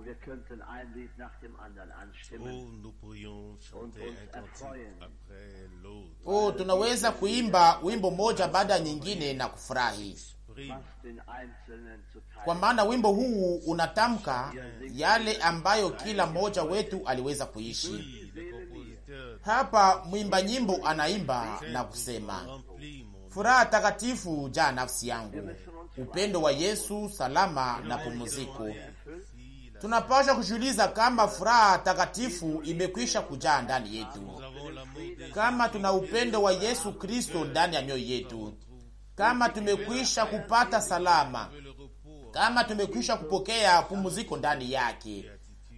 Oh, Oh, tunaweza kuimba wimbo moja baada ya nyingine na kufurahi, kwa maana wimbo huu unatamka yale ambayo kila mmoja wetu aliweza kuishi. Hapa mwimba nyimbo anaimba na kusema, furaha takatifu, jaa nafsi yangu, upendo wa Yesu, salama na pumziko tunapasha kujiuliza kama furaha takatifu imekwisha kujaa ndani yetu, kama tuna upendo wa Yesu Kristo ndani ya mioyo yetu, kama tumekwisha kupata salama, kama tumekwisha kupokea pumziko ndani yake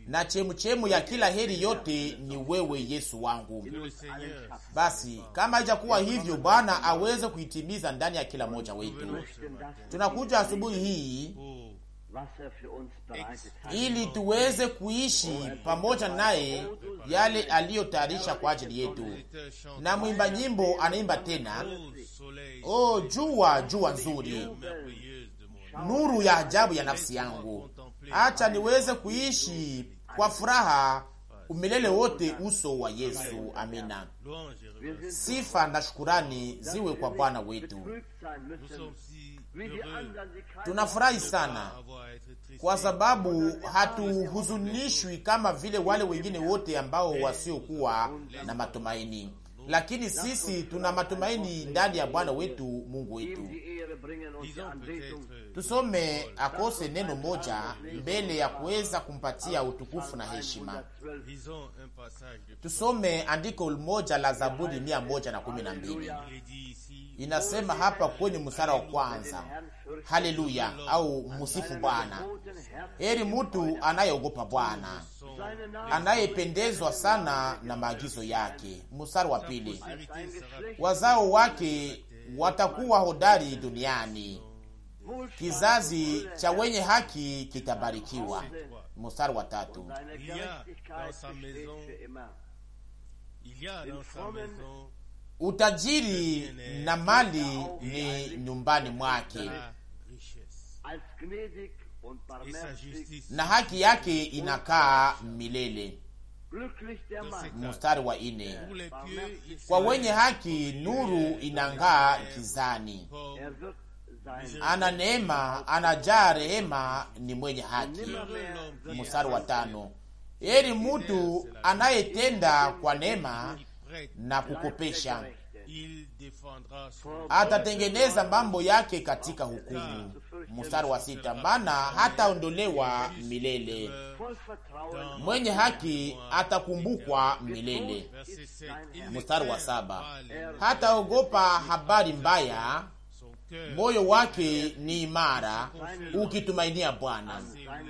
na chemuchemu ya kila heri yote ni wewe Yesu wangu. Basi kama haijakuwa hivyo, Bwana aweze kuitimiza ndani ya kila mmoja wetu. Tunakuja asubuhi hii Er ili tuweze kuishi pamoja naye er yale aliyotayarisha kwa ajili yetu. Na mwimba nyimbo anaimba tena, o oh, jua jua nzuri, nuru ya ajabu ya nafsi yangu, acha niweze kuishi kwa furaha umilele wote uso wa Yesu. Amina. Sifa na shukurani ziwe kwa Bwana wetu. Tunafurahi sana kwa sababu hatuhuzunishwi kama vile wale wengine wote ambao wasiokuwa na matumaini, lakini sisi tuna matumaini ndani ya Bwana wetu Mungu wetu. Tusome akose neno moja mbele ya kuweza kumpatia utukufu na heshima. Tusome andiko moja la Zaburi mia moja na kumi na mbili. Inasema hapa kwenye msara wa kwanza, haleluya au msifu Bwana. Heri mtu anayeogopa Bwana, anayependezwa sana na maagizo yake. Msara wa pili, wazao wake watakuwa hodari duniani, kizazi cha wenye haki kitabarikiwa. Msara wa tatu utajiri na mali ni nyumbani mwake na haki yake inakaa milele. Mstari wa ine, kwa wenye haki nuru inang'aa gizani, ana neema, anajaa rehema, ni mwenye haki. Mstari wa tano, heri mutu anayetenda kwa neema na kukopesha, atatengeneza mambo yake katika hukumu. Mstari wa sita, maana hataondolewa milele, mwenye haki atakumbukwa milele. Mstari wa saba, hataogopa habari mbaya, moyo wake ni imara ukitumainia Bwana.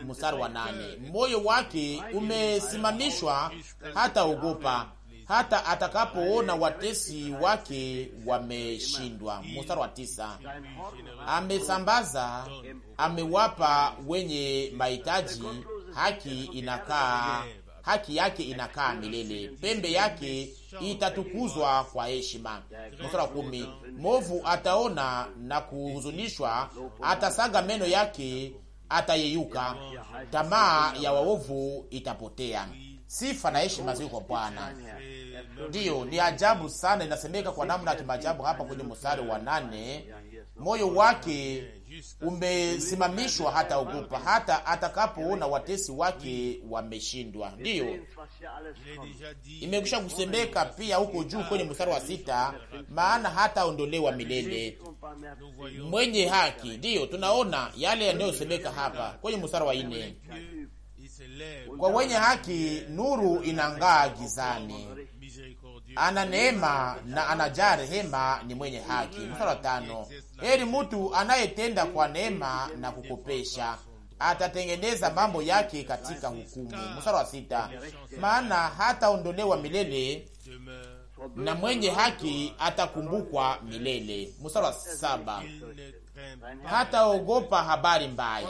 Mstari wa nane, moyo wake umesimamishwa, hataogopa hata atakapoona watesi wake wameshindwa. Mstari wa tisa, amesambaza amewapa wenye mahitaji, haki inakaa haki yake inakaa milele, pembe yake itatukuzwa kwa heshima. Mstari wa kumi, movu ataona na kuhuzunishwa, atasaga meno yake, atayeyuka, tamaa ya waovu itapotea. Sifa na heshima ziko kwa Bwana. Ndiyo, ni ajabu sana, inasemeka kwa namna ya kimajabu hapa kwenye mstari wa nane, moyo wake umesimamishwa, hata ogopa hata atakapoona watesi wake wameshindwa. Ndiyo, imekwisha kusemeka pia huko juu kwenye mstari wa sita, maana hata ondolewa milele mwenye haki. Ndiyo, tunaona yale yanayosemeka hapa kwenye mstari wa nne. Kwa wenye haki nuru inang'aa gizani, ana neema na anajaa rehema, ni mwenye haki. Mstari wa tano: heri mtu anayetenda kwa neema na kukopesha, atatengeneza mambo yake katika hukumu. Mstari wa sita: maana hataondolewa milele na mwenye haki atakumbukwa milele. Mstari wa saba: hataogopa habari mbaya,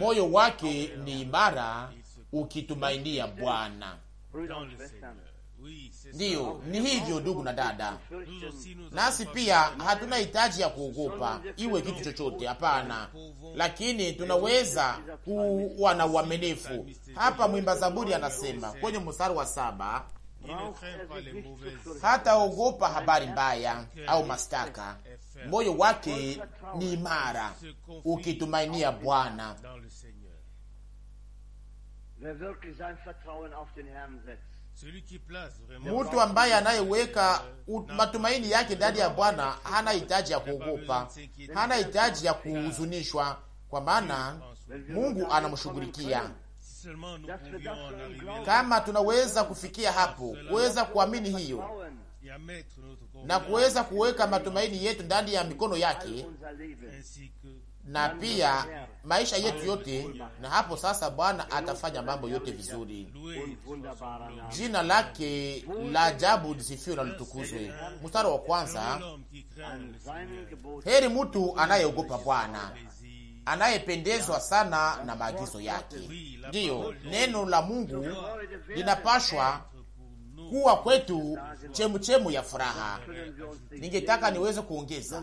moyo wake ni imara ukitumainia Bwana. Ndiyo, ni hivyo ndugu na dada, nasi pia hatuna hitaji ya kuogopa iwe kitu chochote, hapana, lakini tunaweza kuwa na uaminifu. Hapa mwimba Zaburi anasema kwenye mstari wa saba, hataogopa habari mbaya au mashtaka, moyo wake ni imara ukitumainia Bwana. Mtu ambaye anayeweka matumaini yake ndani ya Bwana hana hitaji ya kuogopa, hana hitaji ya kuhuzunishwa, kwa maana Mungu anamshughulikia. Kama tunaweza kufikia hapo, kuweza kuamini hiyo na kuweza kuweka matumaini yetu ndani ya mikono yake na pia maisha yetu yote. Na hapo sasa Bwana atafanya mambo yote vizuri. Jina lake la ajabu lisifiwe na litukuzwe. Mstari wa kwanza, heri mtu anayeogopa Bwana, anayependezwa sana na maagizo yake. Ndiyo neno la Mungu linapashwa kuwa kwetu chemuchemu ya furaha. Ningetaka niweze kuongeza,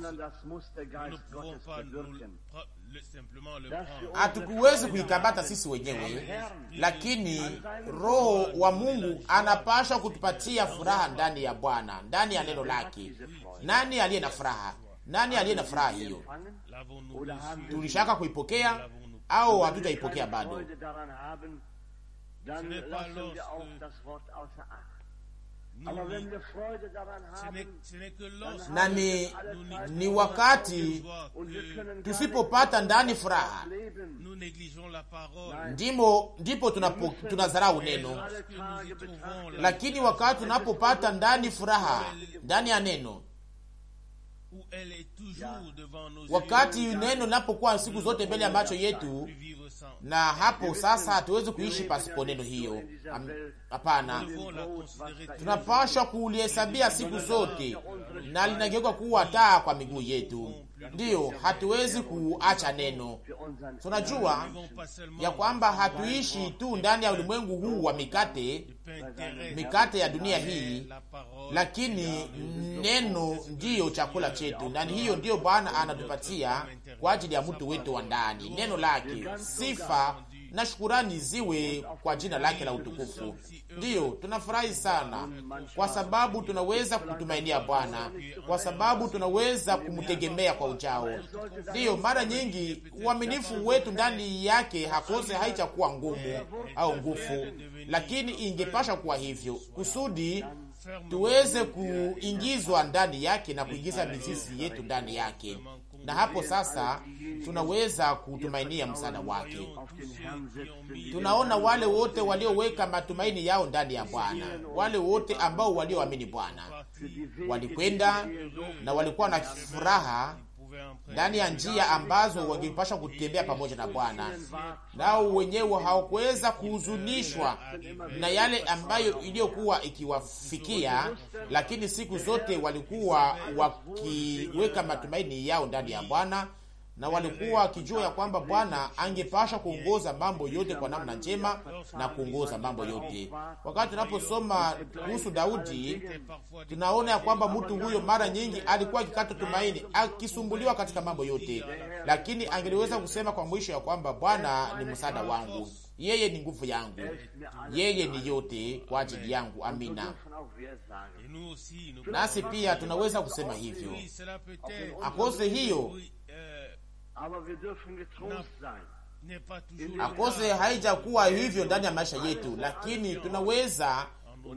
hatukuwezi kuikabata sisi wenyewe, lakini Roho wa Mungu anapasha kutupatia furaha ndani ya Bwana, ndani ya neno lake. Nani aliye na furaha? Nani aliye na furaha hiyo? Tulishaka kuipokea au hatutaipokea bado? na ni, ni wakati tusipopata ndani furaha ndimo ndipo tunadharau neno, lakini wakati tunapopata ndani furaha ndani ya neno, wakati neno linapokuwa siku zote mbele ya macho yetu na hapo sasa hatuwezi kuishi pasipo neno hiyo. Hapana, tunapashwa kulihesabia siku zote, na linageuka kuwa taa kwa miguu yetu. Ndiyo, hatuwezi kuacha neno. Tunajua ya kwamba hatuishi tu ndani ya ulimwengu huu wa mikate, mikate ya dunia hii, lakini neno ndiyo chakula chetu, na hiyo ndiyo Bwana anatupatia kwa ajili ya mtu wetu wa ndani, neno lake, sifa na shukurani ziwe kwa jina lake la utukufu. Ndiyo, tunafurahi sana kwa sababu tunaweza kutumainia Bwana, kwa sababu tunaweza kumtegemea kwa ujao. Ndiyo, mara nyingi uaminifu wetu ndani yake hakose haichakuwa ngumu au ngufu, lakini ingepasha kuwa hivyo kusudi tuweze kuingizwa ndani yake na kuingiza mizizi yetu ndani yake na hapo sasa tunaweza kutumainia msaada wake. Tunaona wale wote walioweka matumaini yao ndani ya Bwana, wale wote ambao walioamini Bwana walikwenda na walikuwa na furaha ndani ya njia ambazo wangepasha kutembea pamoja na Bwana, nao wenyewe hawakuweza kuhuzunishwa na yale ambayo iliyokuwa ikiwafikia, lakini siku zote walikuwa wakiweka matumaini yao ndani ya Bwana na walikuwa wakijua ya kwamba Bwana angepasha kuongoza mambo yote kwa namna njema na kuongoza mambo yote. Wakati tunaposoma kuhusu Daudi, tunaona ya kwamba mtu huyo mara nyingi alikuwa akikata tumaini, akisumbuliwa katika mambo yote, lakini angeliweza kusema kwa mwisho ya kwamba Bwana ni msaada wangu, yeye ni nguvu yangu, yeye ni yote kwa ajili yangu. Amina. Nasi pia tunaweza kusema hivyo akose hiyo akose haijakuwa hivyo ndani ya maisha yetu, lakini tunaweza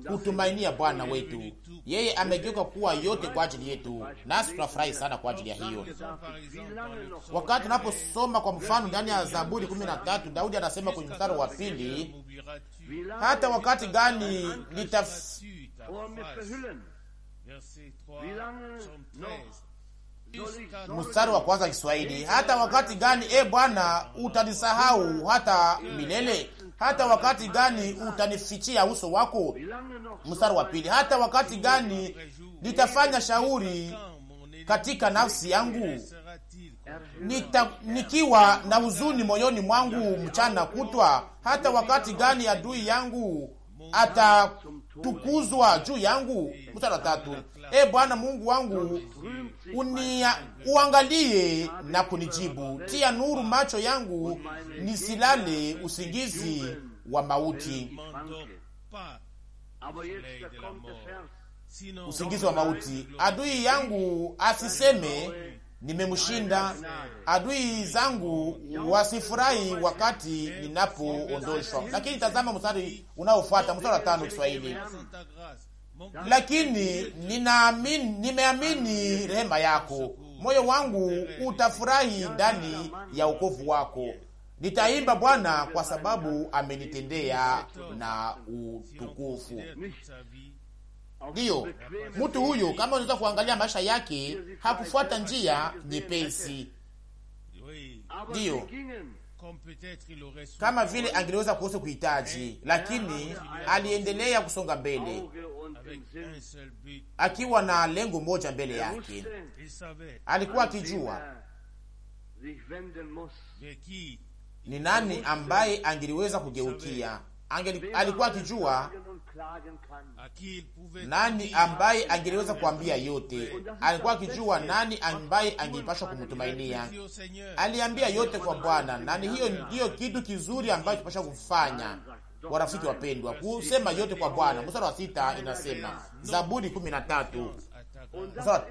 kutumainia Bwana wetu. Yeye amegeuka kuwa yote kwa ajili yetu, nasi tunafurahi sana kwa ajili ya hiyo. Wakati tunaposoma kwa mfano ndani ya Zaburi 13 Daudi anasema kwenye mstari wa pili, hata wakati gani nitaf mstari wa kwanza Kiswahili. Hata wakati gani, e Bwana, utanisahau hata milele? Hata wakati gani utanifichia uso wako? Mstari wa pili, hata wakati gani nitafanya shauri katika nafsi yangu Nita, nikiwa na huzuni moyoni mwangu mchana kutwa? Hata wakati gani adui yangu ata tukuzwa juu yangu. Mstari wa tatu, E Bwana Mungu wangu, unia, uangalie na kunijibu, tia nuru macho yangu, nisilale usingizi wa mauti, usingizi wa mauti, adui yangu asiseme nimemshinda adui zangu, wasifurahi wakati ninapoondoshwa. Lakini tazama mstari unaofuata, mstari wa tano Kiswahili: lakini ninaamini, nimeamini rehema yako, moyo wangu utafurahi ndani ya ukovu wako, nitaimba Bwana kwa sababu amenitendea na utukufu. Ndiyo, mtu huyu kama unaweza kuangalia maisha yake, hakufuata njia nyepesi. Ndiyo, kama vile angeliweza kuhusu kuhitaji, lakini aliendelea kusonga mbele akiwa na lengo moja mbele yake. Alikuwa akijua ni nani ambaye angeliweza kugeukia angeli, alikuwa akijua nani ambaye angeliweza kuambia yote, alikuwa akijua nani ambaye angepashwa kumtumainia. Aliambia yote kwa Bwana, na hiyo ndiyo kitu kizuri ambacho tunapasha kufanya, warafiki wapendwa, kusema yote kwa Bwana. Mstari wa sita inasema Zaburi kumi na tatu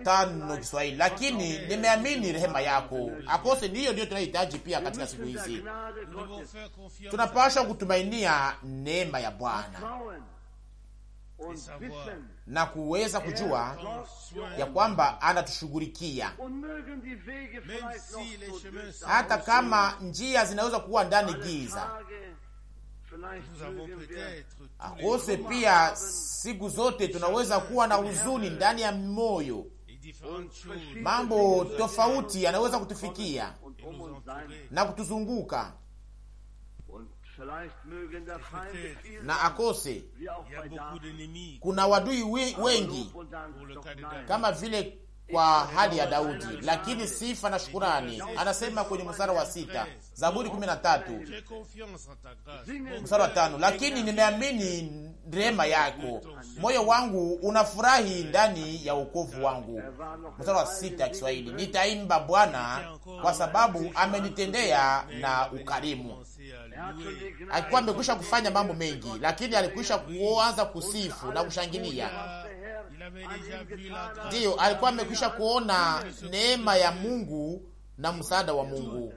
tano Kiswahili, lakini nimeamini rehema yako akose. Ndiyo, ndiyo tunahitaji pia katika siku hizi. Tunapasha kutumainia neema ya Bwana na kuweza kujua ya kwamba anatushughulikia hata kama njia zinaweza kuwa ndani giza, akose ah, pia. Siku zote tunaweza kuwa na huzuni ndani ya moyo, mambo tofauti yanaweza kutufikia na kutuzunguka na akose, kuna wadui wengi kama vile kwa hali ya Daudi, lakini sifa na shukurani. Anasema kwenye mstari wa sita, Zaburi 13 mstari wa tano, lakini nimeamini rehema yako, moyo wangu unafurahi ndani ya wokovu wangu. Mstari wa sita Kiswahili, nitaimba Bwana kwa sababu amenitendea na ukarimu. Alikuwa amekwisha kufanya mambo mengi, lakini alikwisha kuanza kusifu na kushangilia Ndiyo, alikuwa amekwisha kuona neema ya Mungu na msaada wa Mungu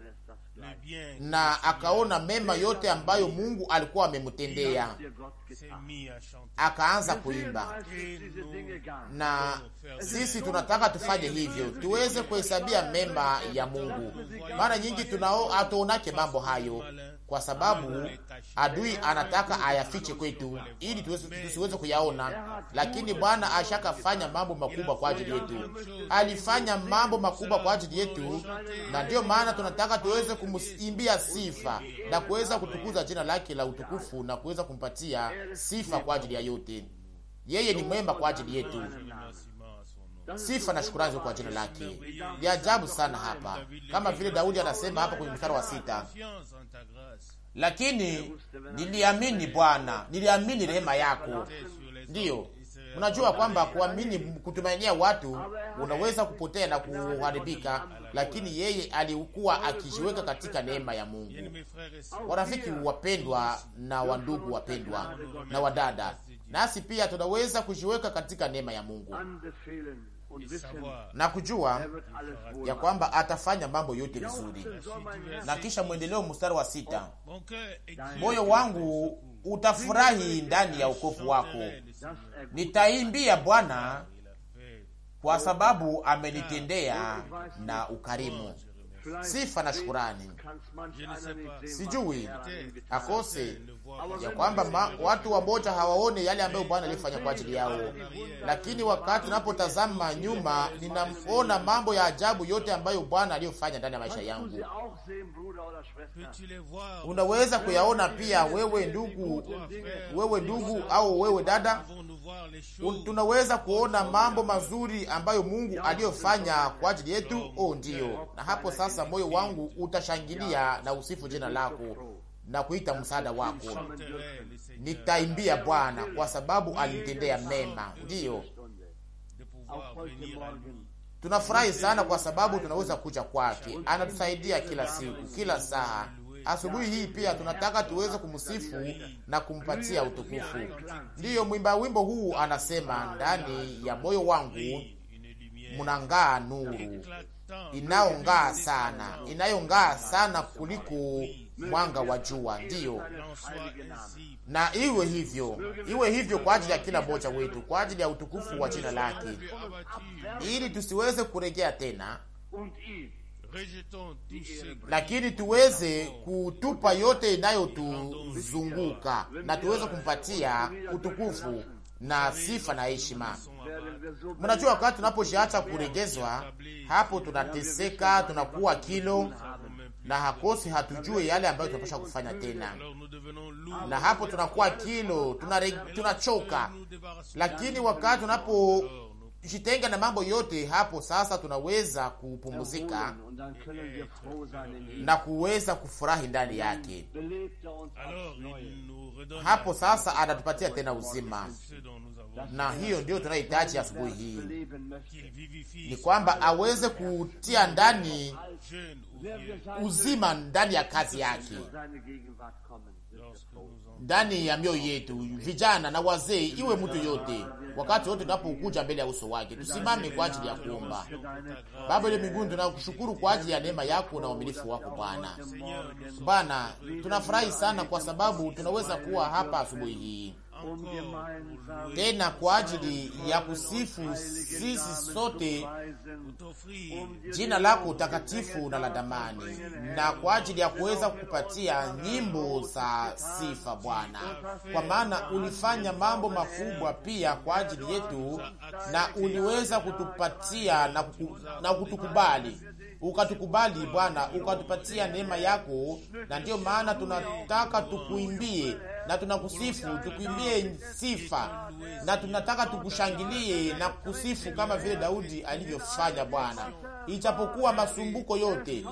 na akaona mema yote ambayo Mungu alikuwa amemtendea, akaanza kuimba. Na sisi tunataka tufanye hivyo, tuweze kuhesabia mema ya Mungu. Mara nyingi tunao hatuonake mambo hayo kwa sababu adui anataka ayafiche kwetu ili tusiweze kuyaona, lakini Bwana ashakafanya mambo makubwa kwa ajili yetu. Alifanya mambo makubwa kwa ajili yetu, na ndiyo maana tunataka tuweze kumuimbia sifa na kuweza kutukuza jina lake la utukufu na kuweza kumpatia sifa kwa ajili ya yote. Yeye ni mwema kwa ajili yetu. Sifa na shukurani kwa jina lake. Ni ajabu sana hapa, kama vile Daudi anasema hapa kwenye mstari wa sita, lakini niliamini Bwana, niliamini rehema yako. Ndiyo, unajua kwamba kuamini, kutumainia watu unaweza kupotea na kuharibika, lakini yeye alikuwa akijiweka katika neema ya Mungu. Warafiki wapendwa na wandugu wapendwa na wadada, nasi pia tunaweza kujiweka katika neema ya Mungu na kujua ya kwamba atafanya mambo yote vizuri. Na kisha mwendeleo, mstari wa sita, oh, moyo wangu utafurahi ndani ya ukofu wako, nitaimbia Bwana kwa sababu amenitendea na ukarimu sifa na shukurani. Sijui akose ya kwamba watu wamoja hawaone yale ambayo Bwana alifanya kwa ajili yao, lakini wakati unapotazama nyuma, ninaona mambo ya ajabu yote ambayo Bwana aliyofanya ndani ya maisha yangu. Unaweza kuyaona pia wewe ndugu, wewe ndugu au wewe dada tunaweza kuona mambo mazuri ambayo Mungu aliyofanya kwa ajili yetu. Oh, ndiyo. Na hapo sasa moyo wangu utashangilia na usifu jina lako na kuita msaada wako. Nitaimbia Bwana kwa sababu alinitendea mema. Ndiyo, tunafurahi sana kwa sababu tunaweza kuja kwake. Anatusaidia kila siku, kila saa asubuhi hii pia tunataka tuweze kumsifu na kumpatia utukufu. Ndiyo mwimba wimbo huu anasema, ndani ya moyo wangu mnang'aa nuru inaong'aa sana, inayong'aa sana kuliko mwanga wa jua. Ndiyo, na iwe hivyo, iwe hivyo kwa ajili ya kila mmoja wetu, kwa ajili ya utukufu wa jina lake, ili tusiweze kuregea tena lakini tuweze kutupa yote inayotuzunguka na tuweze kumpatia utukufu na sifa na heshima. Mnajua, wakati tunaposhiacha kuregezwa, hapo tunateseka, tunakuwa kilo na hakosi, hatujue yale ambayo tunapasha kufanya tena, na hapo tunakuwa kilo, tunachoka, lakini wakati tunapo tukijitenga na mambo yote hapo sasa, tunaweza kupumzika na kuweza kufurahi ndani yake. Hapo sasa anatupatia tena uzima, na hiyo ndiyo tunahitaji asubuhi hii, ni kwamba aweze kutia ndani uzima ndani ya kazi yake ndani ya mioyo yetu, vijana na wazee, iwe mtu yote wakati wote tunapokuja mbele ya uso wake. Tusimame kwa ajili ya kuomba. Baba ile mbinguni, tunakushukuru kwa ajili ya neema yako na uaminifu wako Bwana. Bwana, tunafurahi sana kwa sababu tunaweza kuwa hapa asubuhi hii tena kwa ajili ya kusifu sisi sote jina lako takatifu na la damani, na kwa ajili ya kuweza kukupatia nyimbo za sifa Bwana, kwa maana ulifanya mambo makubwa pia kwa ajili yetu, na uliweza kutupatia na, na kutukubali ukatukubali Bwana, ukatupatia neema yako, na ndiyo maana tunataka tukuimbie na tunakusifu, tukuimbie sifa na tunataka tukushangilie na kusifu kama vile Daudi alivyofanya. Bwana, ijapokuwa masumbuko yote,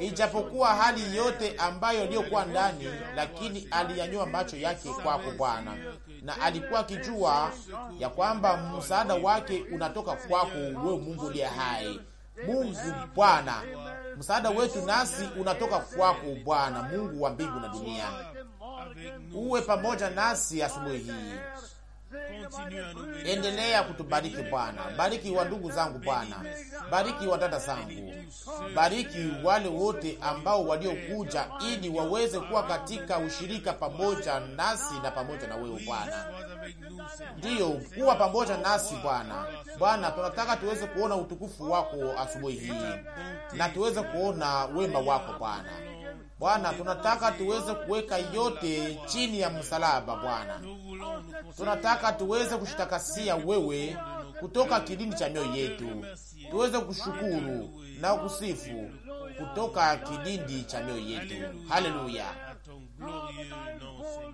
ijapokuwa hali yote ambayo aliyokuwa ndani, lakini aliyanyua macho yake kwako Bwana, na alikuwa akijua ya kwamba msaada wake unatoka kwako wewe, Mungu uliye hai. Mungu Bwana, msaada wetu nasi unatoka kwako Bwana, Mungu wa mbingu na dunia uwe pamoja nasi asubuhi hii. Endelea kutubariki Bwana, bariki wa ndugu zangu Bwana, bariki wa dada zangu, bariki wale wote ambao waliokuja ili waweze kuwa katika ushirika pamoja nasi na pamoja na wewe Bwana. Ndiyo, kuwa pamoja nasi Bwana. Bwana, tunataka tuweze kuona utukufu wako asubuhi hii na tuweze kuona wema wako Bwana. Bwana, tunataka tuweze kuweka yote chini ya msalaba. Bwana, tunataka tuweze kushitakasia wewe kutoka kilindi cha mioyo yetu, tuweze kushukuru na kusifu kutoka kilindi cha mioyo yetu. Haleluya,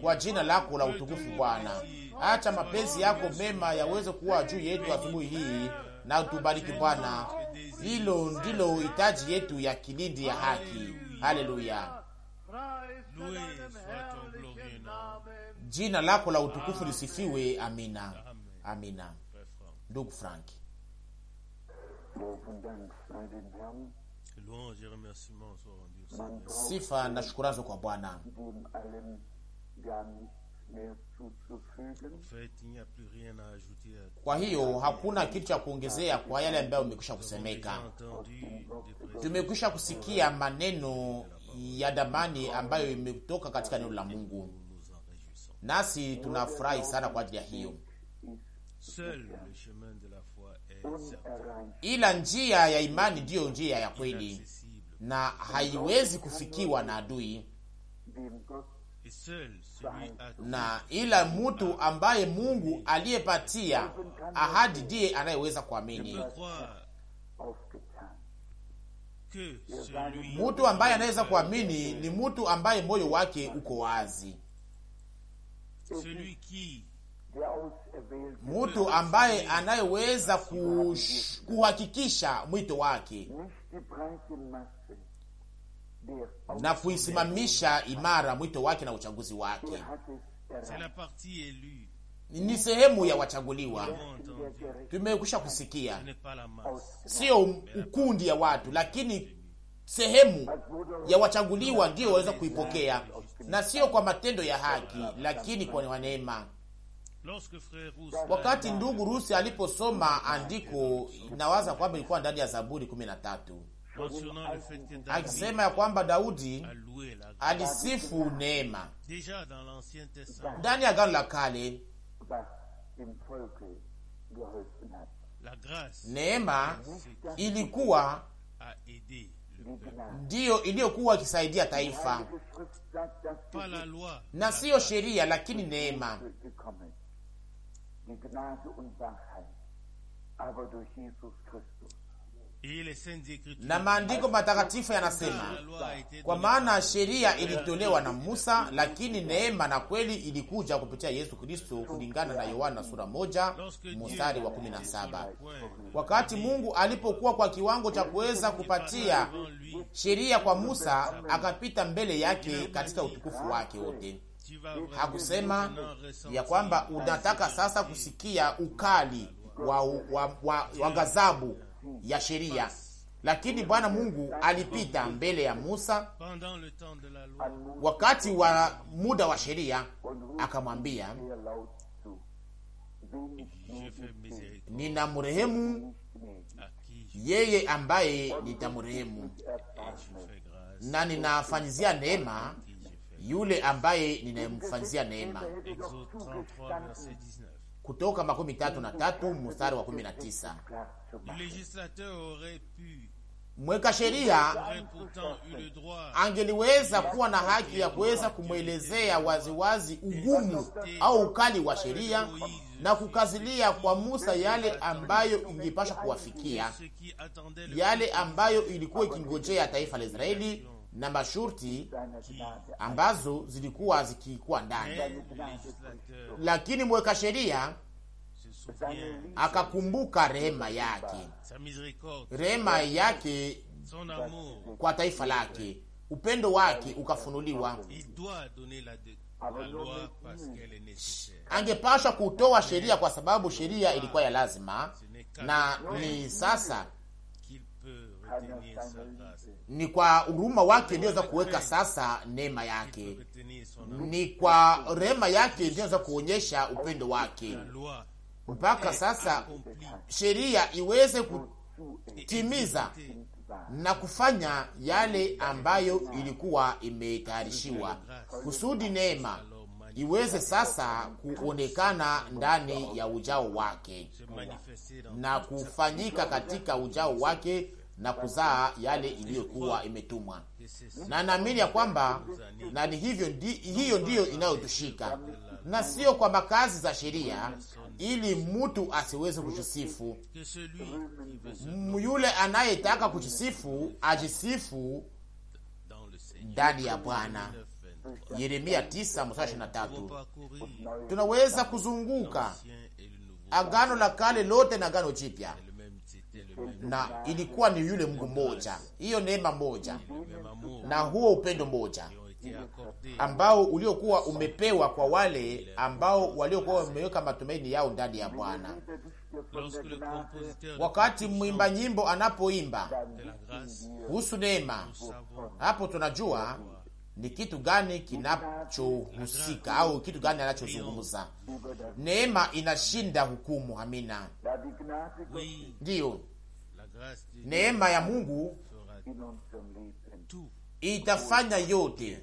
kwa jina lako la utukufu Bwana. Acha mapenzi yako mema yaweze kuwa juu yetu asubuhi hii na utubariki Bwana. Hilo ndilo hitaji yetu ya kilindi ya haki Haleluya! Jina lako la utukufu lisifiwe. Amina, amina. Ndugu Frank, sifa na shukurani kwa Bwana kwa hiyo hakuna kitu cha kuongezea kwa yale ambayo umekwisha kusemeka. Tumekwisha kusikia maneno ya damani ambayo imetoka katika neno la Mungu, nasi tunafurahi sana kwa ajili ya hiyo. Ila njia ya imani ndiyo njia ya kweli na haiwezi kufikiwa na adui na ila mtu ambaye Mungu aliyepatia ahadi ndiye anayeweza kuamini. Mtu ambaye anaweza kuamini ni mtu ambaye moyo wake uko wazi, mtu ambaye anayeweza kuhakikisha mwito wake na kuisimamisha imara mwito wake na uchaguzi wake. Ni sehemu ya wachaguliwa, tumekwisha kusikia, sio ukundi ya watu, lakini sehemu ya wachaguliwa ndiyo waweza kuipokea, na sio kwa matendo ya haki, lakini kwa neema. Wakati ndugu Rusi aliposoma andiko, nawaza kwamba ilikuwa ndani ya Zaburi kumi na tatu akisema ya kwamba Daudi alisifu neema ndani ya gano la Kale. Neema ilikuwa ndiyo iliyokuwa ikisaidia taifa, na siyo sheria, lakini neema na maandiko matakatifu yanasema, kwa maana sheria ilitolewa na Musa, lakini neema na kweli ilikuja kupitia Yesu Kristo, kulingana na Yohana sura moja mstari wa kumi na saba. Wakati Mungu alipokuwa kwa kiwango cha kuweza kupatia sheria kwa Musa, akapita mbele yake katika utukufu wake wote. Hakusema ya kwamba unataka sasa kusikia ukali wa, wa, wa, wa, wa ghadhabu ya sheria, lakini Bwana Mungu alipita mbele ya Musa wakati wa muda wa sheria, akamwambia ninamrehemu yeye ambaye nitamrehemu, na ninafanyizia neema yule ambaye ninamfanyizia neema. Kutoka makumi tatu na tatu mstari wa kumi na tisa mweka sheria angeliweza kuwa na haki ya kuweza kumwelezea waziwazi ugumu au ukali wa sheria na kukazilia kwa Musa yale ambayo ingepasha kuwafikia, yale ambayo ilikuwa ikingojea taifa la Israeli na masharti ambazo zilikuwa zikikuwa ndani, lakini mweka sheria akakumbuka rehema yake, rehema yake kwa taifa lake, upendo wake ukafunuliwa. Angepashwa kutoa sheria kwa sababu sheria ilikuwa ya lazima, na ni sasa ni kwa huruma wake ndioweza kuweka sasa neema yake, ni kwa rehema yake ndioweza kuonyesha upendo wake mpaka eh, sasa ah, sheria iweze kutimiza na kufanya yale ambayo ilikuwa imetayarishiwa, kusudi neema iweze sasa kuonekana ndani ya ujao wake na kufanyika katika ujao wake na kuzaa yale iliyokuwa imetumwa, na naamini ya kwamba na ni hivyo ndi, hiyo ndiyo inayotushika na sio kwa makazi za sheria, ili mtu asiweze kujisifu. Yule anayetaka kujisifu ajisifu ndani ya Bwana. Yeremia 9 Tunaweza kuzunguka Agano la Kale lote na Agano Jipya, na ilikuwa ni yule Mungu mmoja, hiyo neema moja na huo upendo mmoja ambao uliokuwa umepewa kwa wale ambao waliokuwa wameweka matumaini yao ndani ya Bwana. Wakati mwimba nyimbo anapoimba kuhusu neema, hapo tunajua ni kitu gani kinachohusika au kitu gani anachozungumza. Neema inashinda hukumu. Amina, ndiyo neema ya Mungu itafanya yote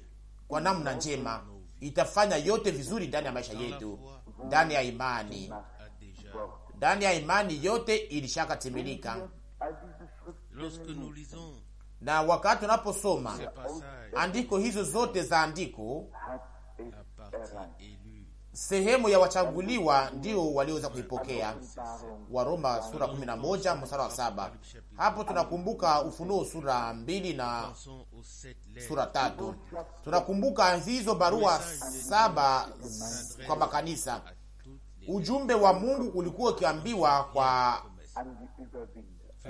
kwa namna njema, itafanya yote vizuri ndani ya maisha yetu, ndani ya imani. Ndani ya imani yote ilishakatimilika. Na wakati unaposoma andiko hizo zote za andiko sehemu ya wachaguliwa ndio walioweza kuipokea. Waroma sura 11 mstari wa saba. Hapo tunakumbuka Ufunuo sura mbili na sura tatu. Tunakumbuka hizo barua saba kwa makanisa. Ujumbe wa Mungu ulikuwa ukiambiwa kwa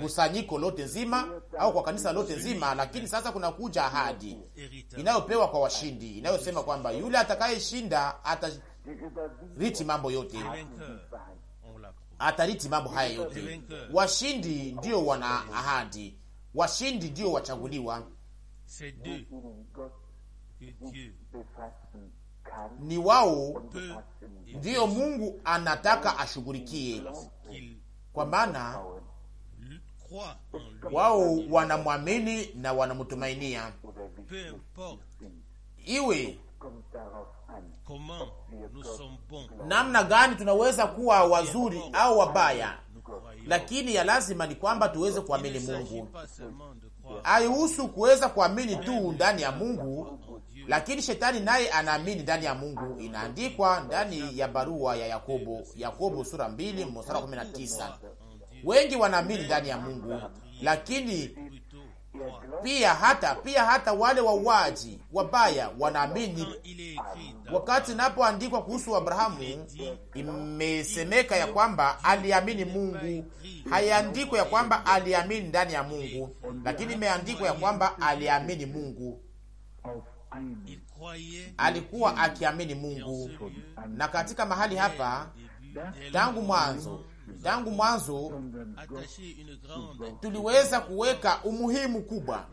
kusanyiko lote nzima au kwa kanisa lote nzima, lakini sasa kuna kuja ahadi inayopewa kwa washindi inayosema kwamba yule atakayeshinda ata riti mambo yote, oh, atariti mambo haya yote. Washindi ndio oh, wana ahadi, washindi ndio wachaguliwa ni wao ndiyo Mungu anataka ashughulikie, kwa maana wao wanamwamini na wanamtumainia, iwe namna gani tunaweza kuwa wazuri au wabaya, lakini ya lazima ni kwamba tuweze kuamini Mungu. Haihusu kuweza kuamini tu ndani ya Mungu, lakini shetani naye anaamini ndani ya Mungu. Inaandikwa ndani ya barua ya Yakobo, Yakobo sura 2 mstari 19, wengi wanaamini ndani ya Mungu, lakini pia hata pia hata wale wauaji wabaya wanaamini. Wakati napoandikwa kuhusu Abrahamu, imesemeka ya kwamba aliamini Mungu. Haiandikwa ya kwamba aliamini ndani ya Mungu, lakini imeandikwa ya kwamba aliamini Mungu. Alikuwa akiamini Mungu, na katika mahali hapa tangu mwanzo tangu mwanzo tuliweza kuweka umuhimu kubwa,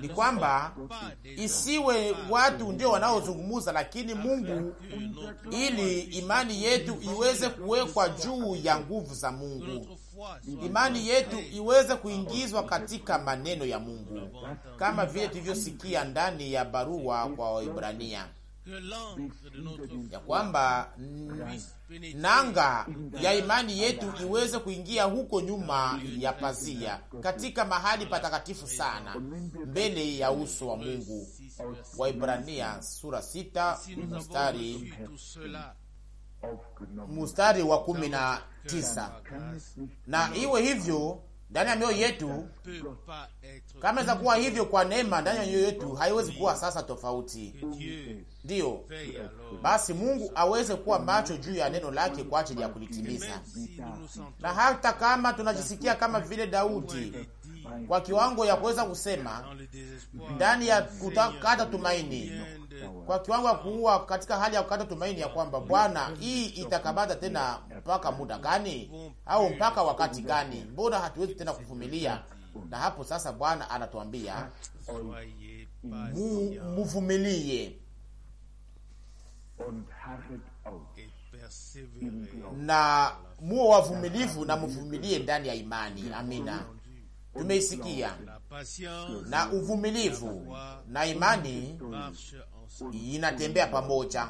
ni kwamba isiwe watu ndio wanaozungumuza, lakini Mungu, ili imani yetu iweze kuwekwa juu ya nguvu za Mungu, imani yetu iweze kuingizwa katika maneno ya Mungu, kama vile tulivyosikia ndani ya barua kwa Waibrania ya kwamba nanga ya imani yetu iweze kuingia huko nyuma ya pazia, katika mahali patakatifu sana, mbele ya uso wa Mungu. Waibrania sura sita mstari mstari wa kumi na tisa. Na iwe hivyo ndani ya mioyo yetu. Kama inaweza kuwa hivyo kwa neema ndani ya mioyo yetu, haiwezi kuwa sasa tofauti. Ndiyo basi Mungu aweze kuwa macho juu ya neno lake kwa ajili ya kulitimiza, na hata kama tunajisikia kama vile Daudi kwa kiwango ya kuweza kusema ndani ya kukata tumaini kwa kiwango ya kuua katika hali ya kukata tumaini ya kwamba Bwana, hii itakabata tena mpaka muda gani? Au mpaka wakati gani? Mbona hatuwezi tena kuvumilia? Na hapo sasa Bwana anatuambia muvumilie na muwe wavumilivu na muvumilie ndani ya imani. Amina. Tumeisikia na uvumilivu na imani inatembea pamoja.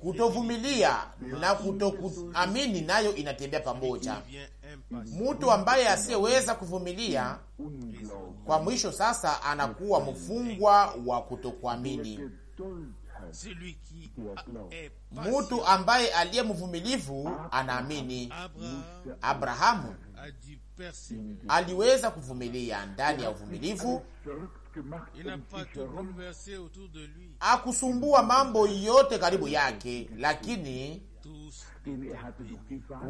Kutovumilia na kutokuamini nayo inatembea pamoja. Mtu ambaye asiyeweza kuvumilia kwa mwisho sasa anakuwa mfungwa wa kutokuamini. Mtu ambaye aliye mvumilivu anaamini. Abrahamu aliweza kuvumilia ndani ya uvumilivu akusumbua mambo yote karibu yake, lakini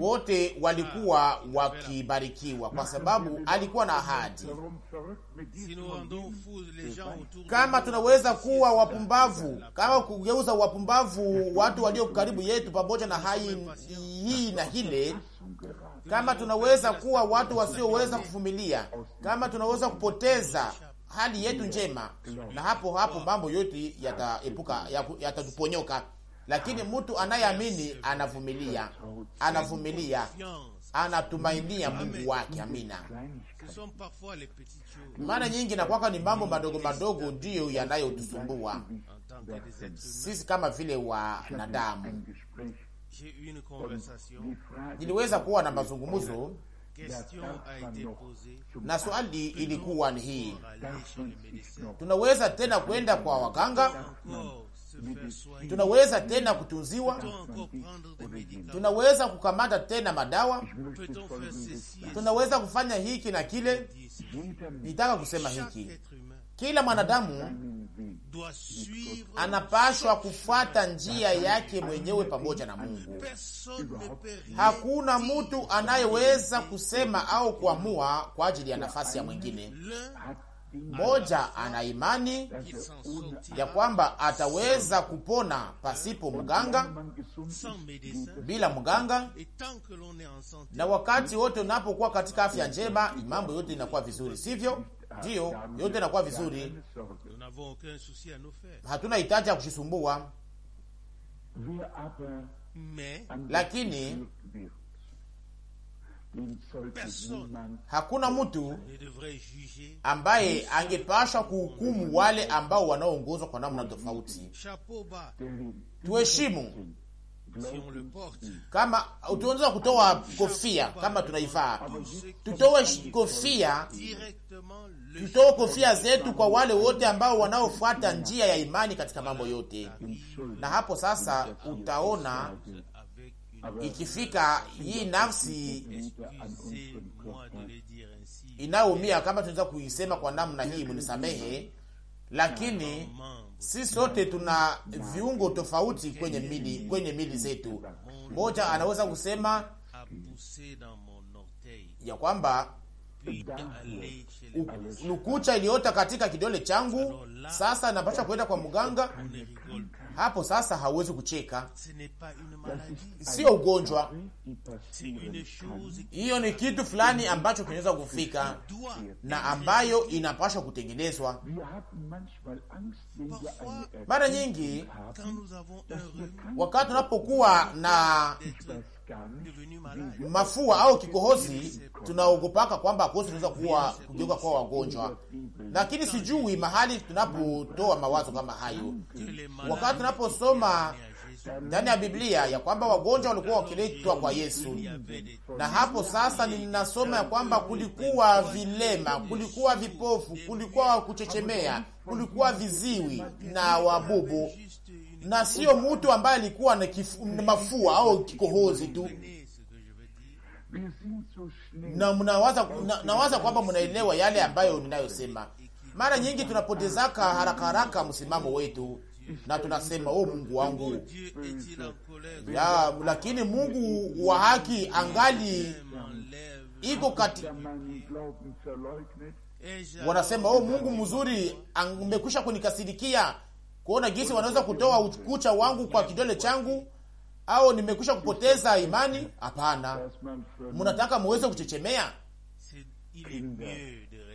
wote walikuwa ah, wakibarikiwa kwa sababu alikuwa na ahadi. Kama tunaweza kuwa wapumbavu, kama kugeuza wapumbavu watu walio karibu yetu, pamoja na hai hii na hile, kama tunaweza kuwa watu wasioweza kuvumilia, kama tunaweza kupoteza hali yetu njema, na hapo hapo mambo yote yataepuka yatatuponyoka, lakini mtu anayeamini anavumilia, anavumilia, anatumainia Mungu wake. Amina. Mara nyingi nakwaka ni mambo madogo madogo ndiyo yanayotusumbua sisi kama vile wanadamu. Niliweza kuwa na mazungumzo na swali ilikuwa ni hii, tunaweza tena kwenda kwa waganga? Tunaweza tena kutunziwa? Tunaweza kukamata tena madawa? Tunaweza kufanya hiki na kile? Nitaka kusema hiki kila mwanadamu anapashwa kufuata njia yake mwenyewe pamoja na Mungu. Hakuna mtu anayeweza kusema au kuamua kwa ajili ya nafasi ya mwingine. Mmoja ana imani ya kwamba ataweza kupona pasipo mganga, bila mganga, na wakati wote unapokuwa katika afya njema, mambo yote inakuwa vizuri, sivyo? Ah, Ndiyo, yote inakuwa vizuri, hatuna hitaji ya kushisumbua, uh, lakini hakuna mtu ambaye angepashwa kuhukumu wale ambao wanaoongozwa kwa namna tofauti. Tuheshimu kama tunaweza kutoa kofia, kama tunaivaa, tutoe kofia tutoe kofia zetu kwa wale wote ambao wanaofuata njia ya imani katika mambo yote. Na hapo sasa utaona ikifika hii nafsi inayoumia, kama tunaweza kuisema kwa namna hii, mnisamehe, lakini si sote tuna viungo tofauti kwenye mili, kwenye mili zetu. moja anaweza kusema ya kwamba lukucha iliota katika kidole changu, sasa napasha kuenda kwa mganga. Hapo sasa hawezi kucheka, sio ugonjwa, hiyo ni kitu fulani ambacho kinaweza kufika na ambayo inapashwa kutengenezwa. Mara nyingi wakati unapokuwa na mafua au kikohozi, tunaogopaka kwamba kikohozi tunaweza kuwa kugeuka kuwa wagonjwa, lakini sijui mahali tunapotoa mawazo kama hayo, wakati tunaposoma ndani ya Biblia ya kwamba wagonjwa walikuwa wakiletwa kwa Yesu, na hapo sasa ninasoma ya kwamba kulikuwa vilema, kulikuwa vipofu, kulikuwa kuchechemea, kulikuwa viziwi na wabubu na sio mtu ambaye alikuwa na mafua au kikohozi tu. Na mnawaza nawaza kwamba mnaelewa yale ambayo ninayosema. Mara nyingi tunapotezaka haraka haraka msimamo wetu na tunasema o oh, Mungu wangu ya, lakini Mungu wa haki angali iko kati. Wanasema o, oh, Mungu mzuri amekwisha kunikasirikia kuona jinsi wanaweza kutoa ukucha wangu kwa kidole changu, au nimekwisha kupoteza imani? Hapana, mnataka muweze kuchechemea.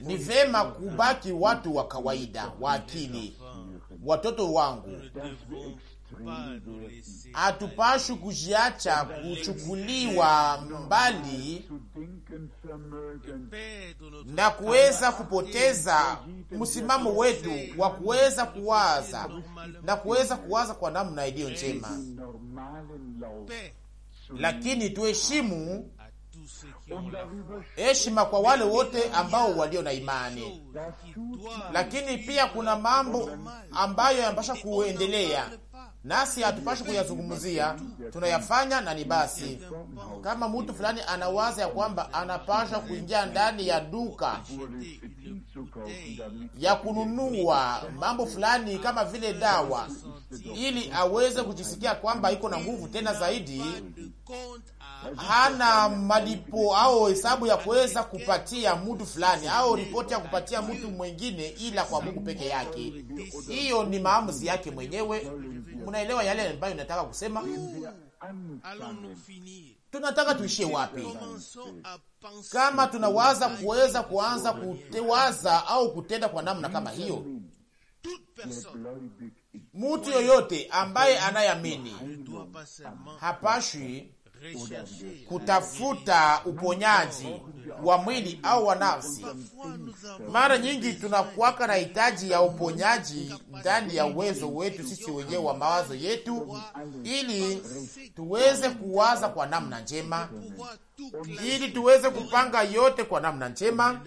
Ni vema kubaki watu wa kawaida wa akili. Watoto wangu, hatupashwi kujiacha kuchukuliwa mbali na kuweza kupoteza msimamo wetu wa kuweza kuwaza na kuweza kuwaza kwa namna iliyo njema, lakini tuheshimu heshima kwa wale wote ambao walio na imani, lakini pia kuna mambo ambayo yanapasha kuendelea nasi hatupashi kuyazungumzia, tunayafanya na ni basi. Kama mtu fulani anawaza ya kwamba anapasha kuingia ndani ya duka ya kununua mambo fulani kama vile dawa, ili aweze kujisikia kwamba iko na nguvu tena zaidi, hana malipo au hesabu ya kuweza kupatia mtu fulani au ripoti ya kupatia mtu mwengine ila kwa Mungu peke yake. Hiyo ni maamuzi yake mwenyewe Mnaelewa yale ambayo nataka kusema? Tunataka tuishie wapi? Kama tunawaza kuweza kuanza kutewaza au kutenda kwa namna kama hiyo, mtu yoyote ambaye anayeamini hapashwi kutafuta uponyaji wa mwili au wa nafsi. Mara nyingi tunakuwaka na hitaji ya uponyaji ndani ya uwezo wetu sisi wenyewe wa mawazo yetu, ili tuweze kuwaza kwa namna njema, ili tuweze kupanga yote kwa namna njema,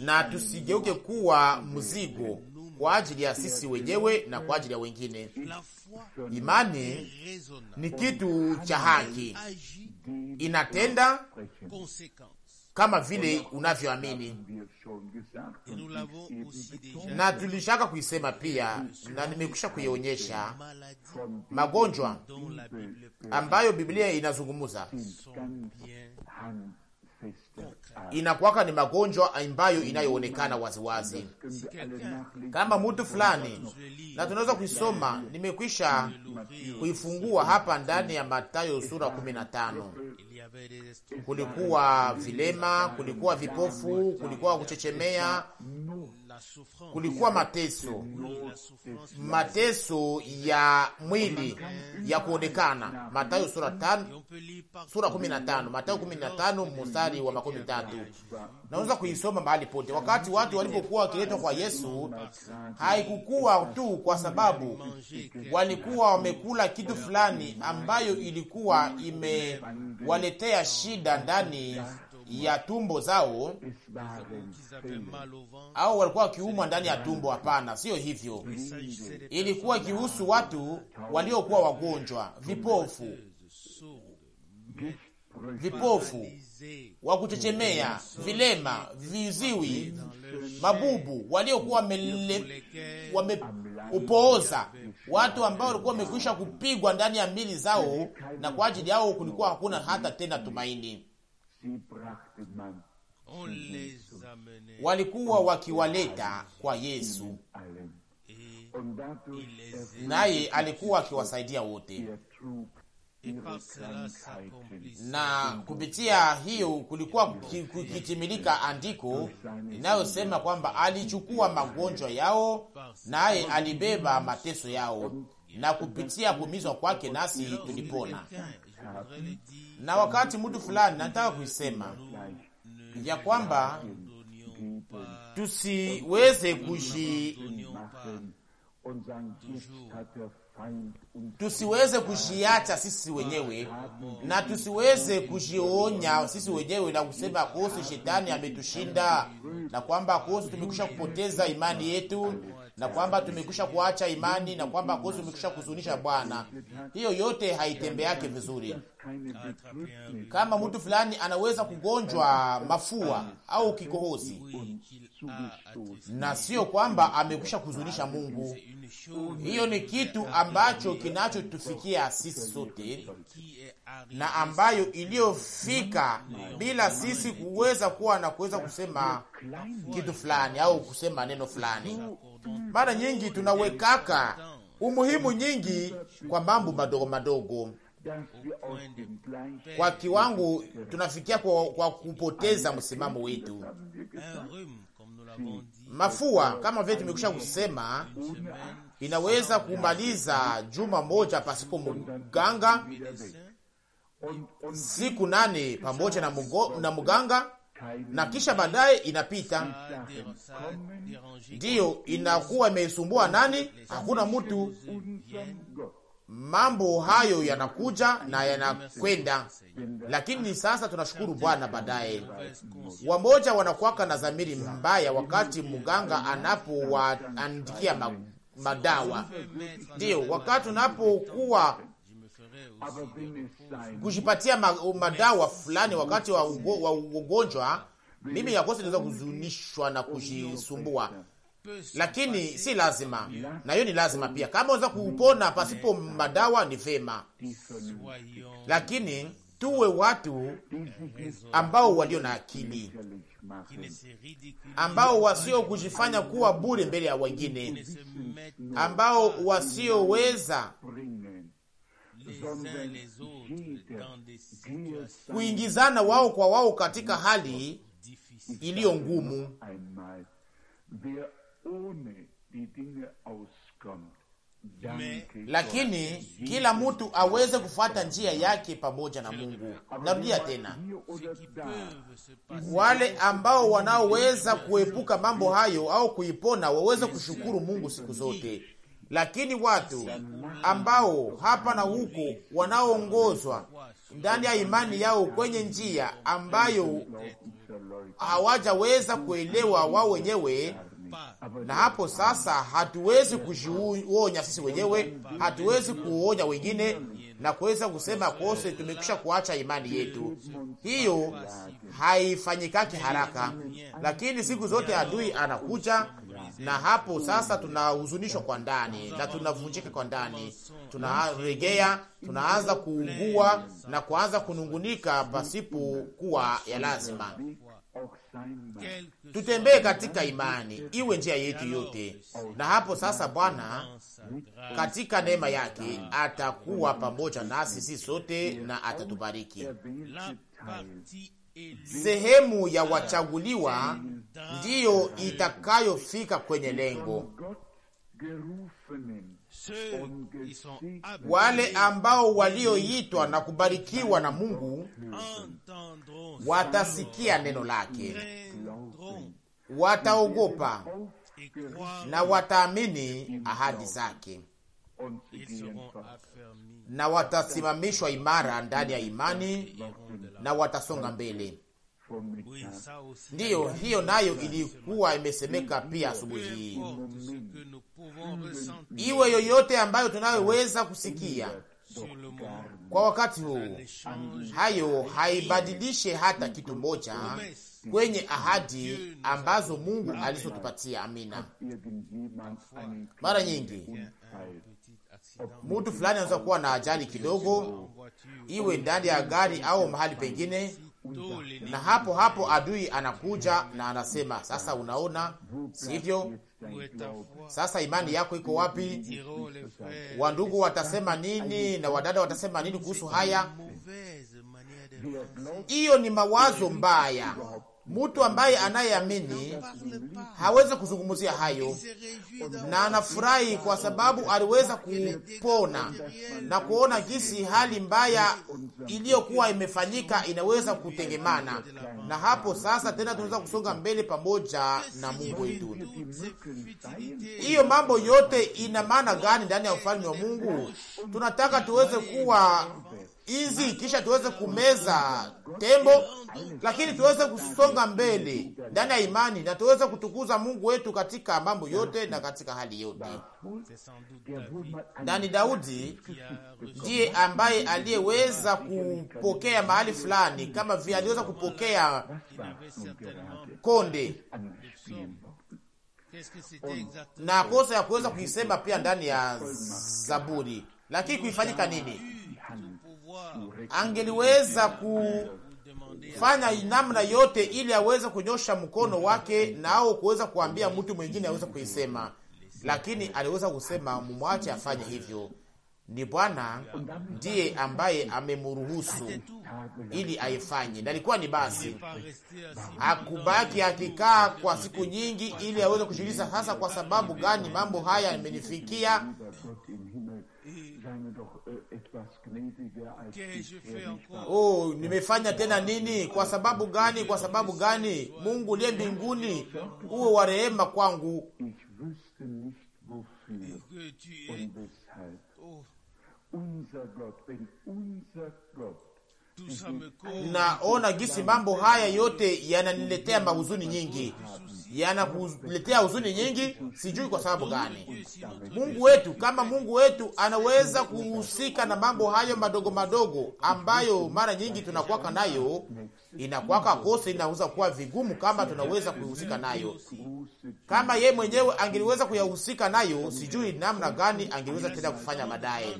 na tusigeuke kuwa mzigo kwa ajili ya sisi wenyewe na kwa ajili ya wengine. Imani ni kitu cha haki, inatenda kama vile unavyoamini, na tulishaka kuisema pia, na nimekwisha kuionyesha magonjwa ambayo Biblia inazungumuza inakuwaka ni magonjwa ambayo inayoonekana waziwazi kama mtu fulani, na tunaweza kuisoma. Nimekwisha kuifungua hapa ndani ya Mathayo sura kumi na tano. Kulikuwa vilema, kulikuwa vipofu, kulikuwa kuchechemea kulikuwa mateso, mateso ya mwili ya kuonekana. Matayo sura tano, sura kumi na tano, Matayo kumi na tano mstari wa makumi tatu. Naweza kuisoma mahali pote. Wakati watu walipokuwa wakiletwa kwa Yesu, haikukuwa tu kwa sababu walikuwa wamekula kitu fulani ambayo ilikuwa imewaletea shida ndani ya tumbo zao au walikuwa wakiumwa ndani ya tumbo? Hapana, sio hivyo. Ilikuwa ikihusu watu waliokuwa wagonjwa, vipofu, vipofu wa kuchechemea, vilema, viziwi, mabubu, waliokuwa wameupooza, watu ambao walikuwa wamekwisha kupigwa ndani ya mili zao, na kwa ajili yao kulikuwa hakuna hata tena tumaini walikuwa wakiwaleta kwa Yesu, naye alikuwa akiwasaidia wote, na kupitia hiyo kulikuwa kikitimilika andiko inayosema kwamba alichukua magonjwa yao, naye alibeba mateso yao, na kupitia kuumizwa kwake nasi tulipona na wakati mutu fulani nataka kuisema ya kwamba tusiweze kuji tusiweze kujiacha sisi wenyewe na tusiweze kujionya sisi wenyewe na kusema kuhusu shetani ametushinda na kwamba kuhusu tumekwisha kupoteza imani yetu na kwamba tumekwisha kuacha imani na kwamba kozi umekwisha kuzunisha Bwana, hiyo yote haitembeake vizuri. Kama mtu fulani anaweza kugonjwa mafua au kikohozi, na sio kwamba amekwisha kuzunisha Mungu. Hiyo ni kitu ambacho kinachotufikia sisi sote na ambayo iliyofika bila sisi kuweza kuwa na kuweza kusema kitu fulani au kusema neno fulani Mm. Mara nyingi tunawekaka umuhimu nyingi kwa mambo madogo madogo kwa kiwangu tunafikia kwa, kwa kupoteza msimamo wetu. Mafua kama vile tumekusha kusema, inaweza kumaliza juma moja pasipo mganga, siku nane pamoja na muganga na kisha baadaye inapita, ndiyo inakuwa imeisumbua nani? Hakuna mtu. Mambo hayo yanakuja na yanakwenda, lakini sasa tunashukuru Bwana. Baadaye wamoja wanakwaka na dhamiri mbaya wakati mganga anapowaandikia madawa, ndiyo wakati unapokuwa kujipatia madawa fulani wakati wa ugonjwa, mimi yakosi naweza kuzunishwa na kujisumbua, lakini si lazima, na hiyo ni lazima pia. Kama unaweza kupona pasipo madawa ni vema, lakini tuwe watu ambao walio na akili, ambao wasio kujifanya kuwa bure mbele ya wengine, ambao wasioweza kuingizana wao kwa wao katika hali iliyo ngumu lakini kila mtu aweze kufuata njia yake pamoja na Mungu. Narudia tena, wale ambao wanaoweza kuepuka mambo hayo au kuipona waweze kushukuru Mungu siku zote lakini watu ambao hapa na huko wanaoongozwa ndani ya imani yao kwenye njia ambayo hawajaweza kuelewa wao wenyewe. Na hapo sasa, hatuwezi kujiuonya sisi wenyewe, hatuwezi kuonya wengine na kuweza kusema kose tumekwisha kuacha imani yetu. Hiyo haifanyikake haraka, lakini siku zote adui anakuja na hapo sasa tunahuzunishwa kwa ndani na tunavunjika kwa ndani, tunaregea, tunaanza kuungua na kuanza kunungunika pasipo kuwa ya lazima. Tutembee katika imani, iwe njia yetu yote, na hapo sasa Bwana katika neema yake atakuwa pamoja nasi sisi sote na atatubariki sehemu ya wachaguliwa ndiyo itakayofika kwenye lengo. Wale ambao walioitwa na kubarikiwa na Mungu watasikia neno lake, wataogopa na wataamini ahadi zake na watasimamishwa imara ndani ya imani na watasonga mbele. Ndiyo, hiyo nayo ilikuwa imesemeka pia asubuhi hii. Iwe yoyote ambayo tunayoweza kusikia kwa wakati huu, hayo haibadilishe hata kitu moja kwenye ahadi ambazo Mungu alizotupatia. Amina. Mara nyingi mtu fulani anaweza kuwa na ajali kidogo, iwe ndani ya gari au mahali pengine, na hapo hapo adui anakuja na anasema, sasa unaona, sivyo? Sasa imani yako iko wapi? Wandugu watasema nini na wadada watasema nini kuhusu haya? Hiyo ni mawazo mbaya Mtu ambaye anayeamini hawezi kuzungumzia hayo, na anafurahi kwa sababu aliweza kupona na kuona jinsi hali mbaya iliyokuwa imefanyika inaweza kutengemana, na hapo sasa tena tunaweza kusonga mbele pamoja na Mungu wetu. Hiyo mambo yote ina maana gani ndani ya ufalme wa Mungu? Tunataka tuweze kuwa hizi kisha tuweze kumeza tembo, lakini tuweze kusonga mbele ndani ya imani na tuweze kutukuza Mungu wetu katika mambo yote na katika hali yote. Nani? Daudi ndiye ambaye aliyeweza kupokea mahali fulani, kama vile aliweza kupokea konde na kosa ya kuweza kuisema pia ndani ya Zaburi, lakini kuifanyika nini angeliweza kufanya namna yote ili aweze kunyosha mkono wake nao kuweza kuambia mtu mwingine aweze kuisema, lakini aliweza kusema mumwache afanye hivyo. Ni Bwana ndiye ambaye amemruhusu ili aifanye, na ilikuwa ni basi, hakubaki akikaa kwa siku nyingi ili aweze kujiuliza sasa, kwa sababu gani mambo haya yamenifikia Oh, nimefanya tena nini? Kwa sababu gani? Kwa sababu gani? Mungu uliye mbinguni uwe wa rehema kwangu. Naona gisi mambo haya yote yananiletea mahuzuni nyingi yanakuletea huzuni nyingi, sijui kwa sababu gani. Mungu wetu kama Mungu wetu anaweza kuhusika na mambo hayo madogo madogo ambayo mara nyingi tunakwaka nayo, inakwaka kosa, inaweza kuwa vigumu kama tunaweza kuhusika nayo. Kama ye mwenyewe angeliweza kuyahusika nayo, sijui namna gani angeliweza tena kufanya baadaye,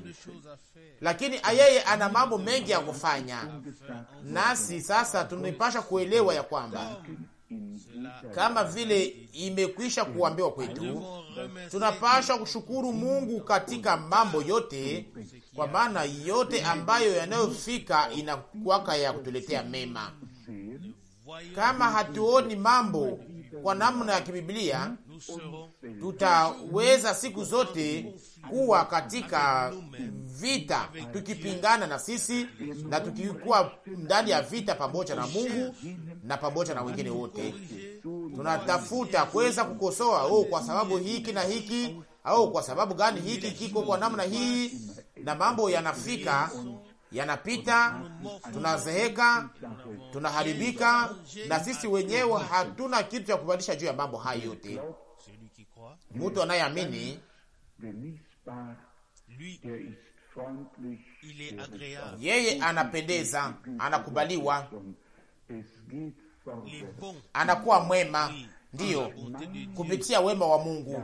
lakini ayeye ana mambo mengi ya kufanya. Nasi sasa tunaipasha kuelewa ya kwamba kama vile imekwisha kuambiwa kwetu, tunapashwa kushukuru Mungu katika mambo yote, kwa maana yote ambayo yanayofika inakuwaka ya kutuletea mema. Kama hatuoni mambo kwa namna ya kibiblia tutaweza siku zote kuwa katika vita, tukipingana na sisi na tukikuwa ndani ya vita pamoja na Mungu na pamoja na wengine wote. Tunatafuta kuweza kukosoa, oh, kwa sababu hiki na hiki, au oh, kwa sababu gani hiki kiko kwa namna hii, na mambo yanafika yanapita, tunazeheka, tunaharibika, na sisi wenyewe hatuna kitu cha kubadilisha juu ya mambo hayo yote. Mtu anayeamini yeye anapendeza, anakubaliwa, anakuwa mwema, ndiyo kupitia wema wa Mungu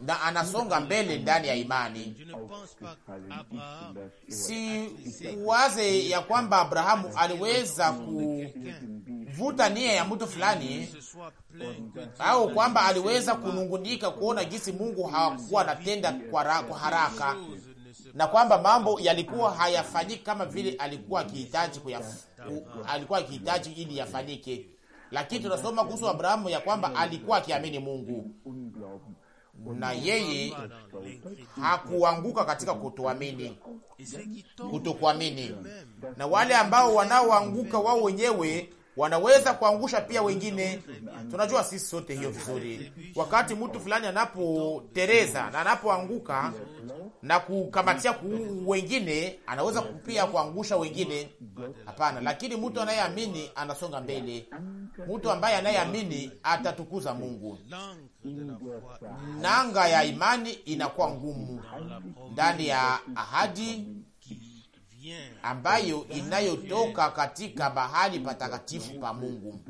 na anasonga mbele ndani ya imani. Si waze ya kwamba Abrahamu aliweza kuvuta nia ya mtu fulani au kwamba aliweza kunungunika kuona jinsi Mungu hakuwa anatenda kwa haraka na kwamba mambo yalikuwa hayafanyiki kama vile alikuwa akihitaji alikuwa akihitaji ili yafanyike, lakini tunasoma kuhusu Abrahamu ya kwamba alikuwa akiamini Mungu na yeye hakuanguka katika kutoamini, kutokuamini. Na wale ambao wanaoanguka wao wenyewe wanaweza kuangusha pia wengine. Tunajua sisi sote hiyo vizuri. Wakati mtu fulani anapotereza na anapoanguka na kukamatia ku wengine, anaweza pia kuangusha wengine. Hapana, lakini mtu anayeamini anasonga mbele. Mtu ambaye anayeamini atatukuza Mungu. Nanga ya imani inakuwa ngumu ndani ya ahadi ambayo inayotoka katika mahali patakatifu pa Mungu,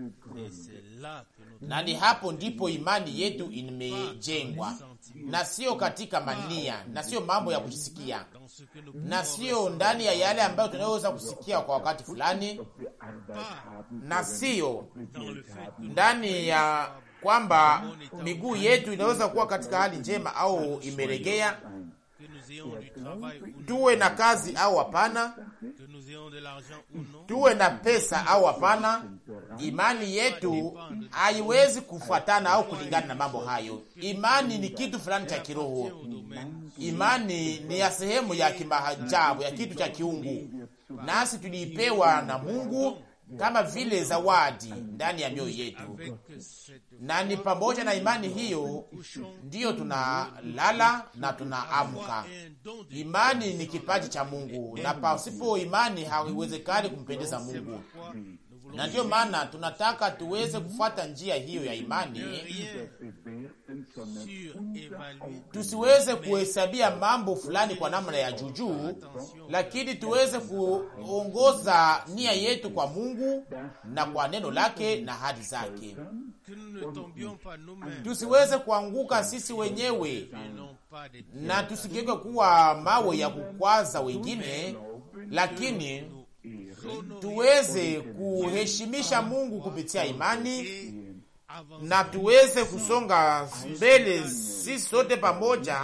na ni hapo ndipo imani yetu imejengwa, na sio katika mania, na sio mambo ya kujisikia na sio ndani ya yale ambayo tunayoweza kusikia kwa wakati fulani, na sio ndani ya kwamba miguu yetu inaweza kuwa katika hali njema au imeregea, tuwe na kazi au hapana, tuwe na pesa au hapana, imani yetu haiwezi kufuatana au kulingana na mambo hayo. Imani ni kitu fulani cha kiroho, imani ni ya sehemu ya kimahajabu ya kitu cha kiungu, nasi tuliipewa na Mungu kama vile zawadi ndani ya mioyo yetu, na ni pamoja na imani hiyo ndiyo tunalala na tunaamka. Imani ni kipaji cha Mungu, na pasipo imani haiwezekani kumpendeza Mungu na ndiyo maana tunataka tuweze kufuata njia hiyo ya imani, tusiweze kuhesabia mambo fulani kwa namna ya juujuu, lakini tuweze kuongoza nia yetu kwa Mungu na kwa neno lake na hadi zake, tusiweze kuanguka sisi wenyewe na tusigeuke kuwa mawe ya kukwaza wengine, lakini tuweze kuheshimisha Mungu kupitia imani na tuweze kusonga mbele sisi sote pamoja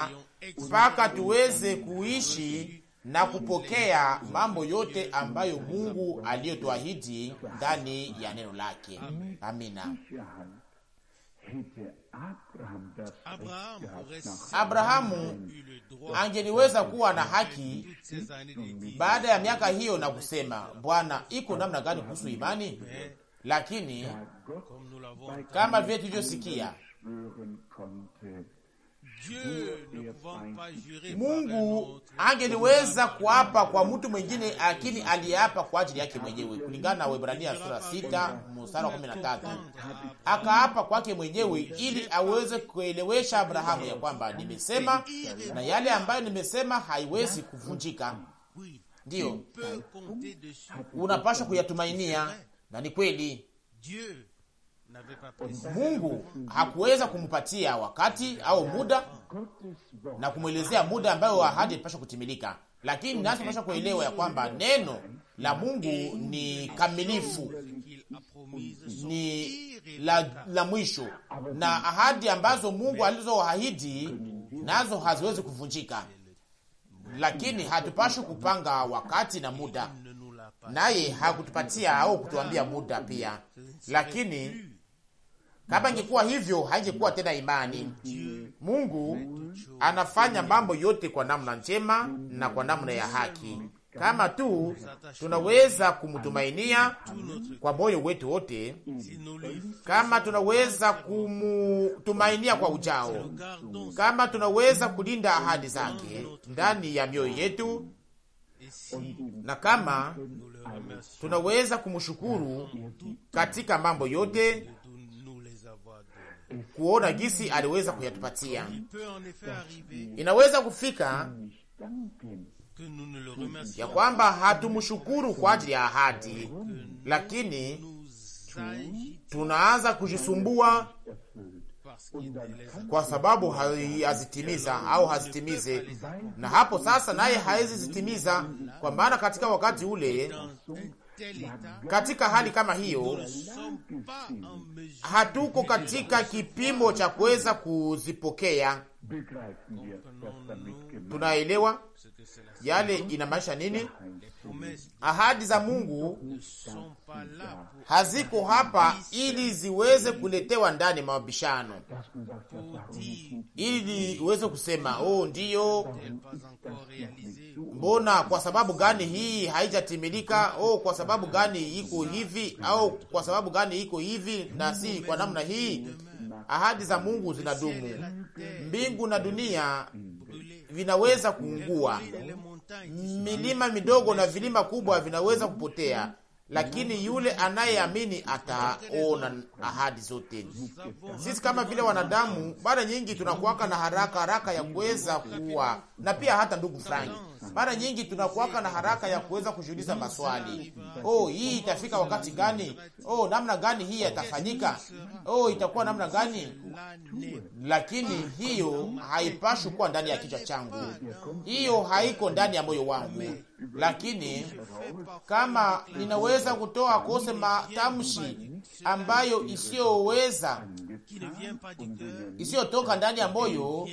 mpaka tuweze kuishi na kupokea mambo yote ambayo Mungu aliyotuahidi ndani ya neno lake. Amina. Abrahamu angeniweza kuwa na haki baada ya miaka hiyo na kusema, Bwana, iko namna gani kuhusu imani? Lakini kama vile tulivyosikia Mungu angeliweza kuapa kwa mtu mwingine, lakini aliyeapa kwa ajili yake mwenyewe, kulingana na Waebrania sura 6 mstari wa 13. Akaapa kwake mwenyewe ili aweze kuelewesha Abrahamu ya kwamba nimesema, na yale ambayo nimesema haiwezi kuvunjika. Ndiyo unapashwa kuyatumainia, na ni kweli Mungu hakuweza kumpatia wakati au muda na kumwelezea muda ambayo ahadi alipashwa kutimilika, lakini nasi tunapaswa kuelewa ya kwamba neno la Mungu ni kamilifu, ni la, la mwisho, na ahadi ambazo Mungu alizoahidi nazo haziwezi kuvunjika, lakini hatupashi kupanga wakati na muda, naye hakutupatia au kutuambia muda pia, lakini kama ingekuwa hivyo, haingekuwa tena imani. Mungu anafanya mambo yote kwa namna njema na kwa namna ya haki, kama tu tunaweza kumtumainia kwa moyo wetu wote, kama tunaweza kumtumainia kwa ujao, kama tunaweza kulinda ahadi zake ndani ya mioyo yetu, na kama tunaweza kumshukuru katika mambo yote kuona jinsi aliweza kuyatupatia. Inaweza kufika ya kwamba hatumshukuru kwa ajili ya ahadi, lakini tunaanza kujisumbua kwa sababu hazitimiza au hazitimize, na hapo sasa naye hawezi zitimiza, kwa maana katika wakati ule katika hali kama hiyo, hatuko katika kipimo cha kuweza kuzipokea. Tunaelewa yale yaani inamaanisha nini? Ahadi za Mungu haziko hapa ili ziweze kuletewa ndani mabishano, ili iweze kusema oh, ndiyo, mbona, kwa sababu gani hii haijatimilika? Oh, kwa sababu gani iko hivi, au kwa sababu gani iko hivi na si kwa namna hii. Ahadi za Mungu zinadumu, mbingu na dunia vinaweza kuungua, milima midogo na vilima kubwa vinaweza kupotea, lakini yule anayeamini ataona ahadi zote. Sisi kama vile wanadamu, mara nyingi tunakuwaka na haraka haraka ya kuweza kuwa na pia hata ndugu frangi mara nyingi tunakuwaka na haraka ya kuweza kujiuliza maswali, oh, hii itafika wakati gani? Oh, namna gani hii yatafanyika? Oh, itakuwa namna gani? Lakini hiyo haipashwi kuwa ndani ya kichwa changu, hiyo haiko ndani ya moyo wangu. Lakini kama ninaweza kutoa kose matamshi ambayo isiyoweza isiyotoka ndani ya moyo,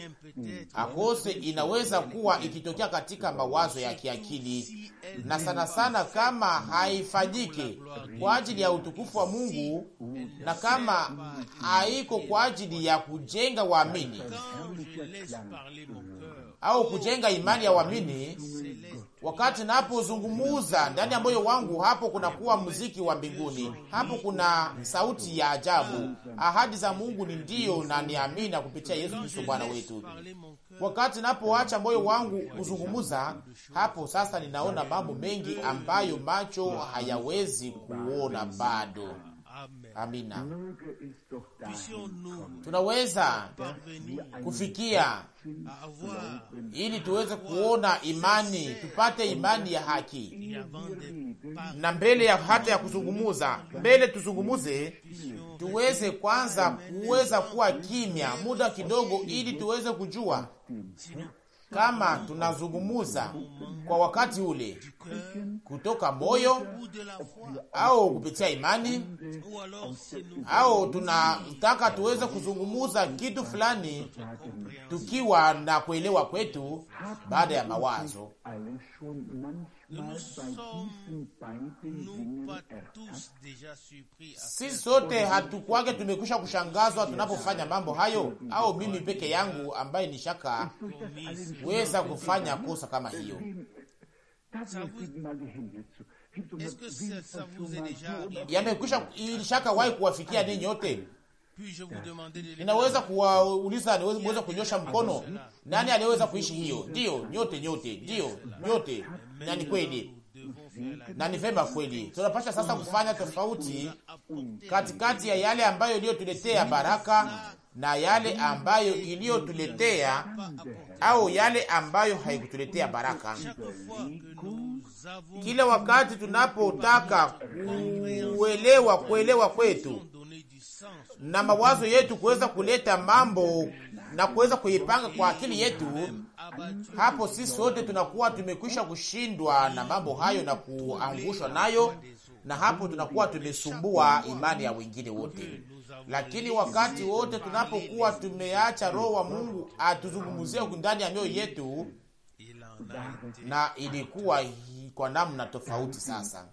akose inaweza kuwa ikitokea katika mawazo ya kiakili, na sana sana kama haifanyike kwa ajili ya utukufu wa Mungu na kama haiko kwa ajili ya kujenga waamini au kujenga imani ya waamini Wakati napozungumuza ndani ya moyo wangu, hapo kunakuwa muziki wa mbinguni, hapo kuna sauti ya ajabu. Ahadi za Mungu ni ndiyo na ni amina kupitia Yesu Kristo Bwana wetu. Wakati napoacha moyo wangu kuzungumuza, hapo sasa ninaona mambo mengi ambayo macho hayawezi kuona bado. Amina. Tunaweza kufikia ili tuweze kuona imani, tupate imani ya haki, na mbele ya hata ya kuzungumuza, mbele tuzungumuze, tuweze kwanza kuweza kuwa kimya muda kidogo, ili tuweze kujua kama tunazungumuza kwa wakati ule kutoka moyo au kupitia imani, au tunataka tuweze kuzungumuza kitu fulani tukiwa na kuelewa kwetu baada ya mawazo. Si sote hatukwake tumekwisha kushangazwa tunapofanya mambo hayo, au mimi peke yangu ambaye ni shaka weza kufanya kosa kama hiyo? ilishaka wahi kuwafikia ninyi nyote? Ninaweza kuwauliza, niweza kunyosha mkono, nani aliweza kuishi hiyo? Ndio nyote, nyote, ndio nyote, na ni kweli na ni vema kweli. Tunapasha sasa kufanya tofauti katikati ya yale ambayo iliyotuletea baraka na yale ambayo iliyotuletea au yale ambayo haikutuletea baraka. Kila wakati tunapotaka kuelewa kuelewa kwetu na mawazo yetu kuweza kuleta mambo na kuweza kuipanga kwa akili yetu, hapo sisi wote tunakuwa tumekwisha kushindwa na mambo hayo na kuangushwa nayo, na hapo tunakuwa tumesumbua imani ya wengine wote. Lakini wakati wote tunapokuwa tumeacha Roho wa Mungu atuzungumuzie ndani ya mioyo yetu, na ilikuwa kwa namna tofauti sasa,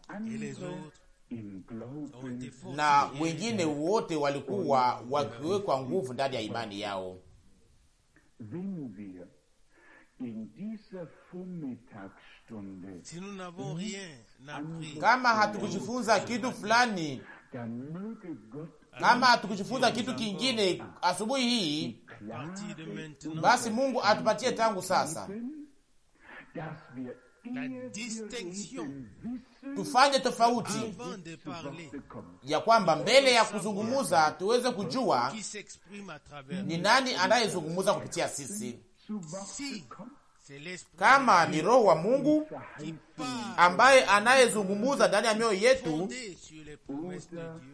na wengine wote walikuwa wakiwekwa nguvu ndani ya imani yao. Kama hatukujifunza kitu fulani kama tukijifunza kitu kingine asubuhi hii, basi Mungu atupatie tangu sasa tufanye tofauti ya kwamba mbele ya kuzungumuza tuweze kujua ni nani anayezungumuza kupitia sisi kama ni Roho wa Mungu ambaye anayezungumuza ndani ya mioyo yetu,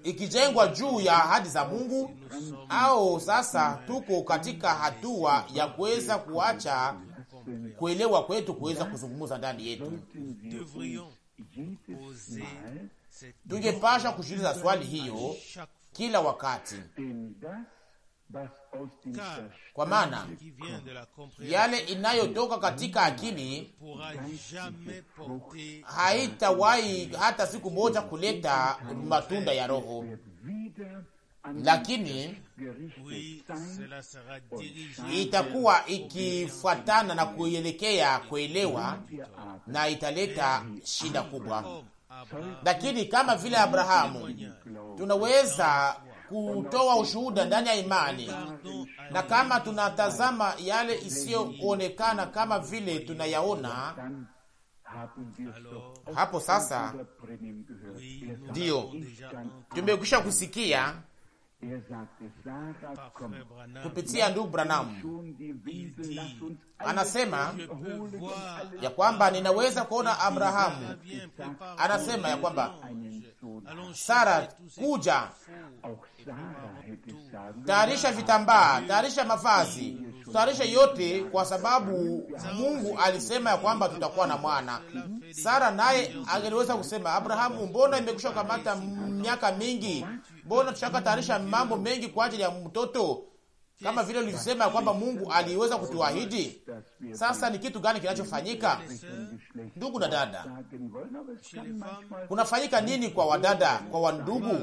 ikijengwa juu ya ahadi za Mungu. Au sasa tuko katika hatua ya kuweza kuacha kuelewa kwetu kuweza kuzungumuza ndani yetu. Tungepasha kushuliza swali hiyo kila wakati kwa maana yale inayotoka katika akili haitawahi hata siku moja kuleta matunda ya Roho, lakini itakuwa ikifuatana na kuelekea kuelewa, na italeta shida kubwa. Lakini kama vile Abrahamu tunaweza kutoa ushuhuda ndani ya imani, na kama tunatazama yale isiyoonekana kama vile tunayaona hapo sasa, ndiyo tumekwisha kusikia kupitia ndugu Branham anasema ya kwamba ninaweza kuona Abrahamu, anasema ya kwamba Sara, kuja tayarisha vitambaa, tayarisha mavazi, tayarisha yote, kwa sababu Mungu alisema ya kwamba tutakuwa na mwana. Sara naye angeliweza kusema, Abrahamu, mbona imekusha kamata miaka mingi? Mbona tushaka tayarisha mambo mengi kwa ajili ya mtoto? kama vile ulivyosema kwamba Mungu aliweza kutuahidi. Sasa ni kitu gani kinachofanyika, ndugu na dada? Kunafanyika nini kwa wadada, kwa wandugu?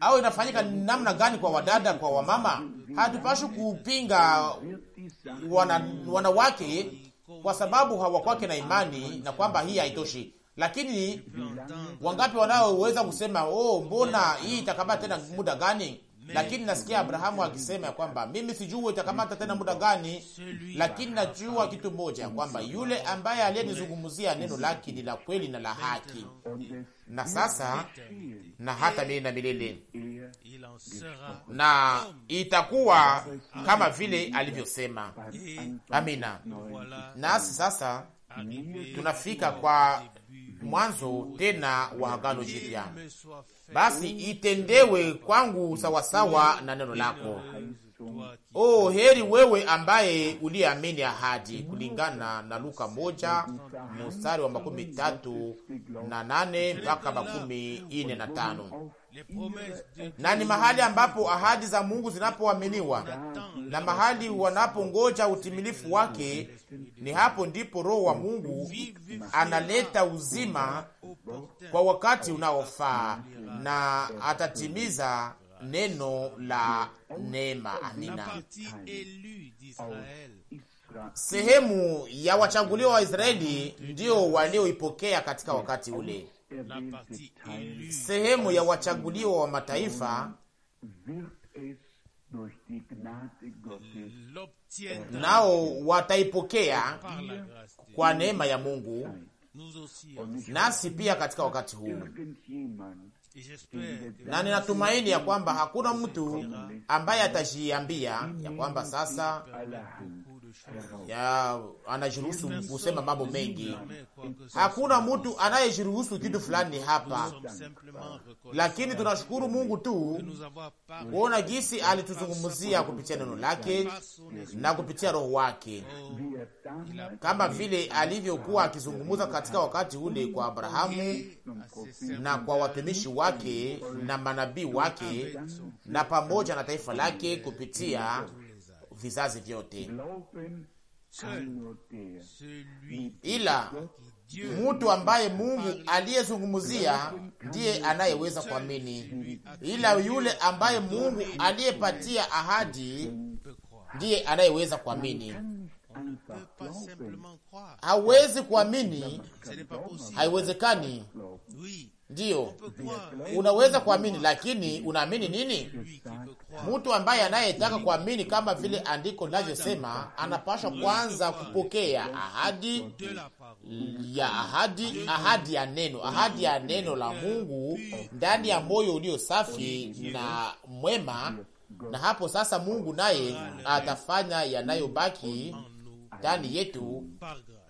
Au inafanyika namna gani kwa wadada, kwa wamama? Hatupashi kupinga wana, wanawake kwa sababu hawakwake na imani na kwamba hii haitoshi lakini wangapi wanaoweza kusema oh, mbona hii itakaba tena muda gani? lakini nasikia Abrahamu akisema ya kwamba mimi sijui itakamata tena muda gani, lakini najua kitu moja, ya kwamba yule ambaye aliyenizungumzia neno lake ni la kweli na la haki, na sasa na hata milele na milele, na itakuwa kama vile alivyosema. Amina. Nasi sasa tunafika kwa mwanzo tena wa agano jipya, basi itendewe kwangu sawasawa na neno lako. Oh, heri wewe ambaye uliamini ahadi, kulingana na Luka moja mstari wa makumi tatu na nane mpaka makumi ine na tano na ni mahali ambapo ahadi za Mungu zinapoaminiwa na mahali wanapongoja utimilifu wake, ni hapo ndipo Roho wa Mungu analeta uzima kwa wakati unaofaa na atatimiza neno la neema. Amina. Sehemu ya wachaguliwa wa Israeli ndio walioipokea katika wakati ule sehemu ya wachaguliwa wa mataifa nao wataipokea kwa neema ya Mungu, nasi pia katika wakati huu, na ninatumaini ya kwamba hakuna mtu ambaye atajiambia ya kwamba sasa ya anajiruhusu kusema mambo mengi. Hakuna mtu anayejiruhusu kitu fulani hapa, lakini tunashukuru Mungu tu kuona gisi alituzungumzia kupitia neno lake na kupitia Roho wake, oh, kama vile alivyokuwa akizungumza katika wakati ule kwa Abrahamu na kwa watumishi wake na manabii wake na pamoja na taifa lake kupitia vizazi vyote, ila mtu ambaye Mungu aliyezungumzia ndiye anayeweza kuamini, ila yule ambaye Mungu aliyepatia ahadi ndiye anayeweza kuamini. Hawezi kuamini, haiwezekani. Ndiyo, unaweza kuamini, lakini unaamini nini? Mtu ambaye anayetaka kuamini kama vile andiko linavyosema, anapashwa kwanza kupokea ahadi ya ahadi, ahadi ya neno, ahadi ya neno la Mungu ndani ya moyo ulio safi na mwema, na hapo sasa Mungu naye atafanya yanayobaki ndani yetu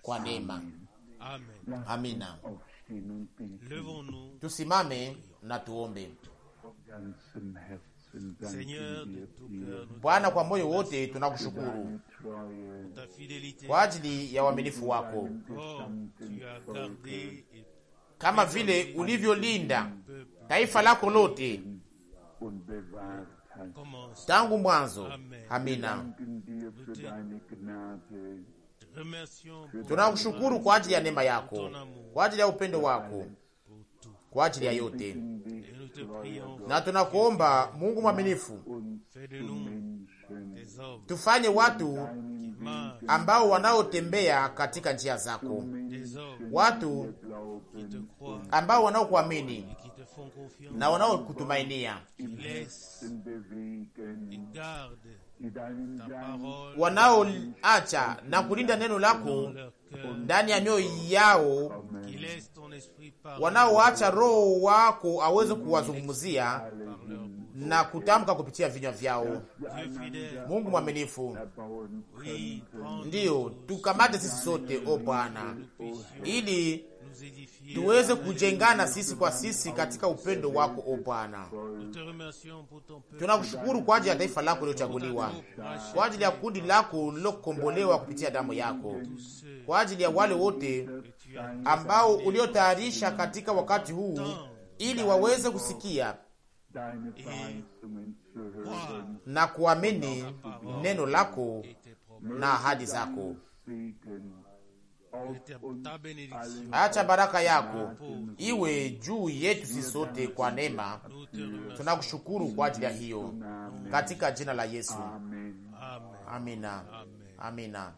kwa neema. Amina. Tusimame na tuombe. Bwana, kwa moyo wote tunakushukuru kwa ajili ya uaminifu wako, oh, kama vile ulivyolinda taifa lako lote tangu mwanzo. Amina. Tunakushukuru kwa ajili ya neema yako, kwa ajili ya upendo wako, kwa ajili ya yote, na tunakuomba Mungu mwaminifu, tufanye watu ambao wanaotembea katika njia zako, watu ambao wanaokuamini na wanaokutumainia wanaoacha na kulinda neno lako ndani ya mioyo yao, wanaoacha Roho wako aweze kuwazungumzia na kutamka kupitia vinywa vyao. Mungu mwaminifu, ndiyo tukamate sisi sote, o Bwana, ili tuweze kujengana sisi kwa sisi katika upendo wako, o Bwana. Tunakushukuru kwa ajili ya taifa lako lilochaguliwa, kwa ajili ya kundi lako lilokombolewa kupitia damu yako, kwa ajili ya wale wote ambao uliotayarisha katika wakati huu ili waweze kusikia na kuamini neno lako na ahadi zako. Acha baraka yako iwe juu yetu sisi sote kwa neema. Tunakushukuru kwa ajili ya hiyo katika jina la Yesu. Amina. Amina.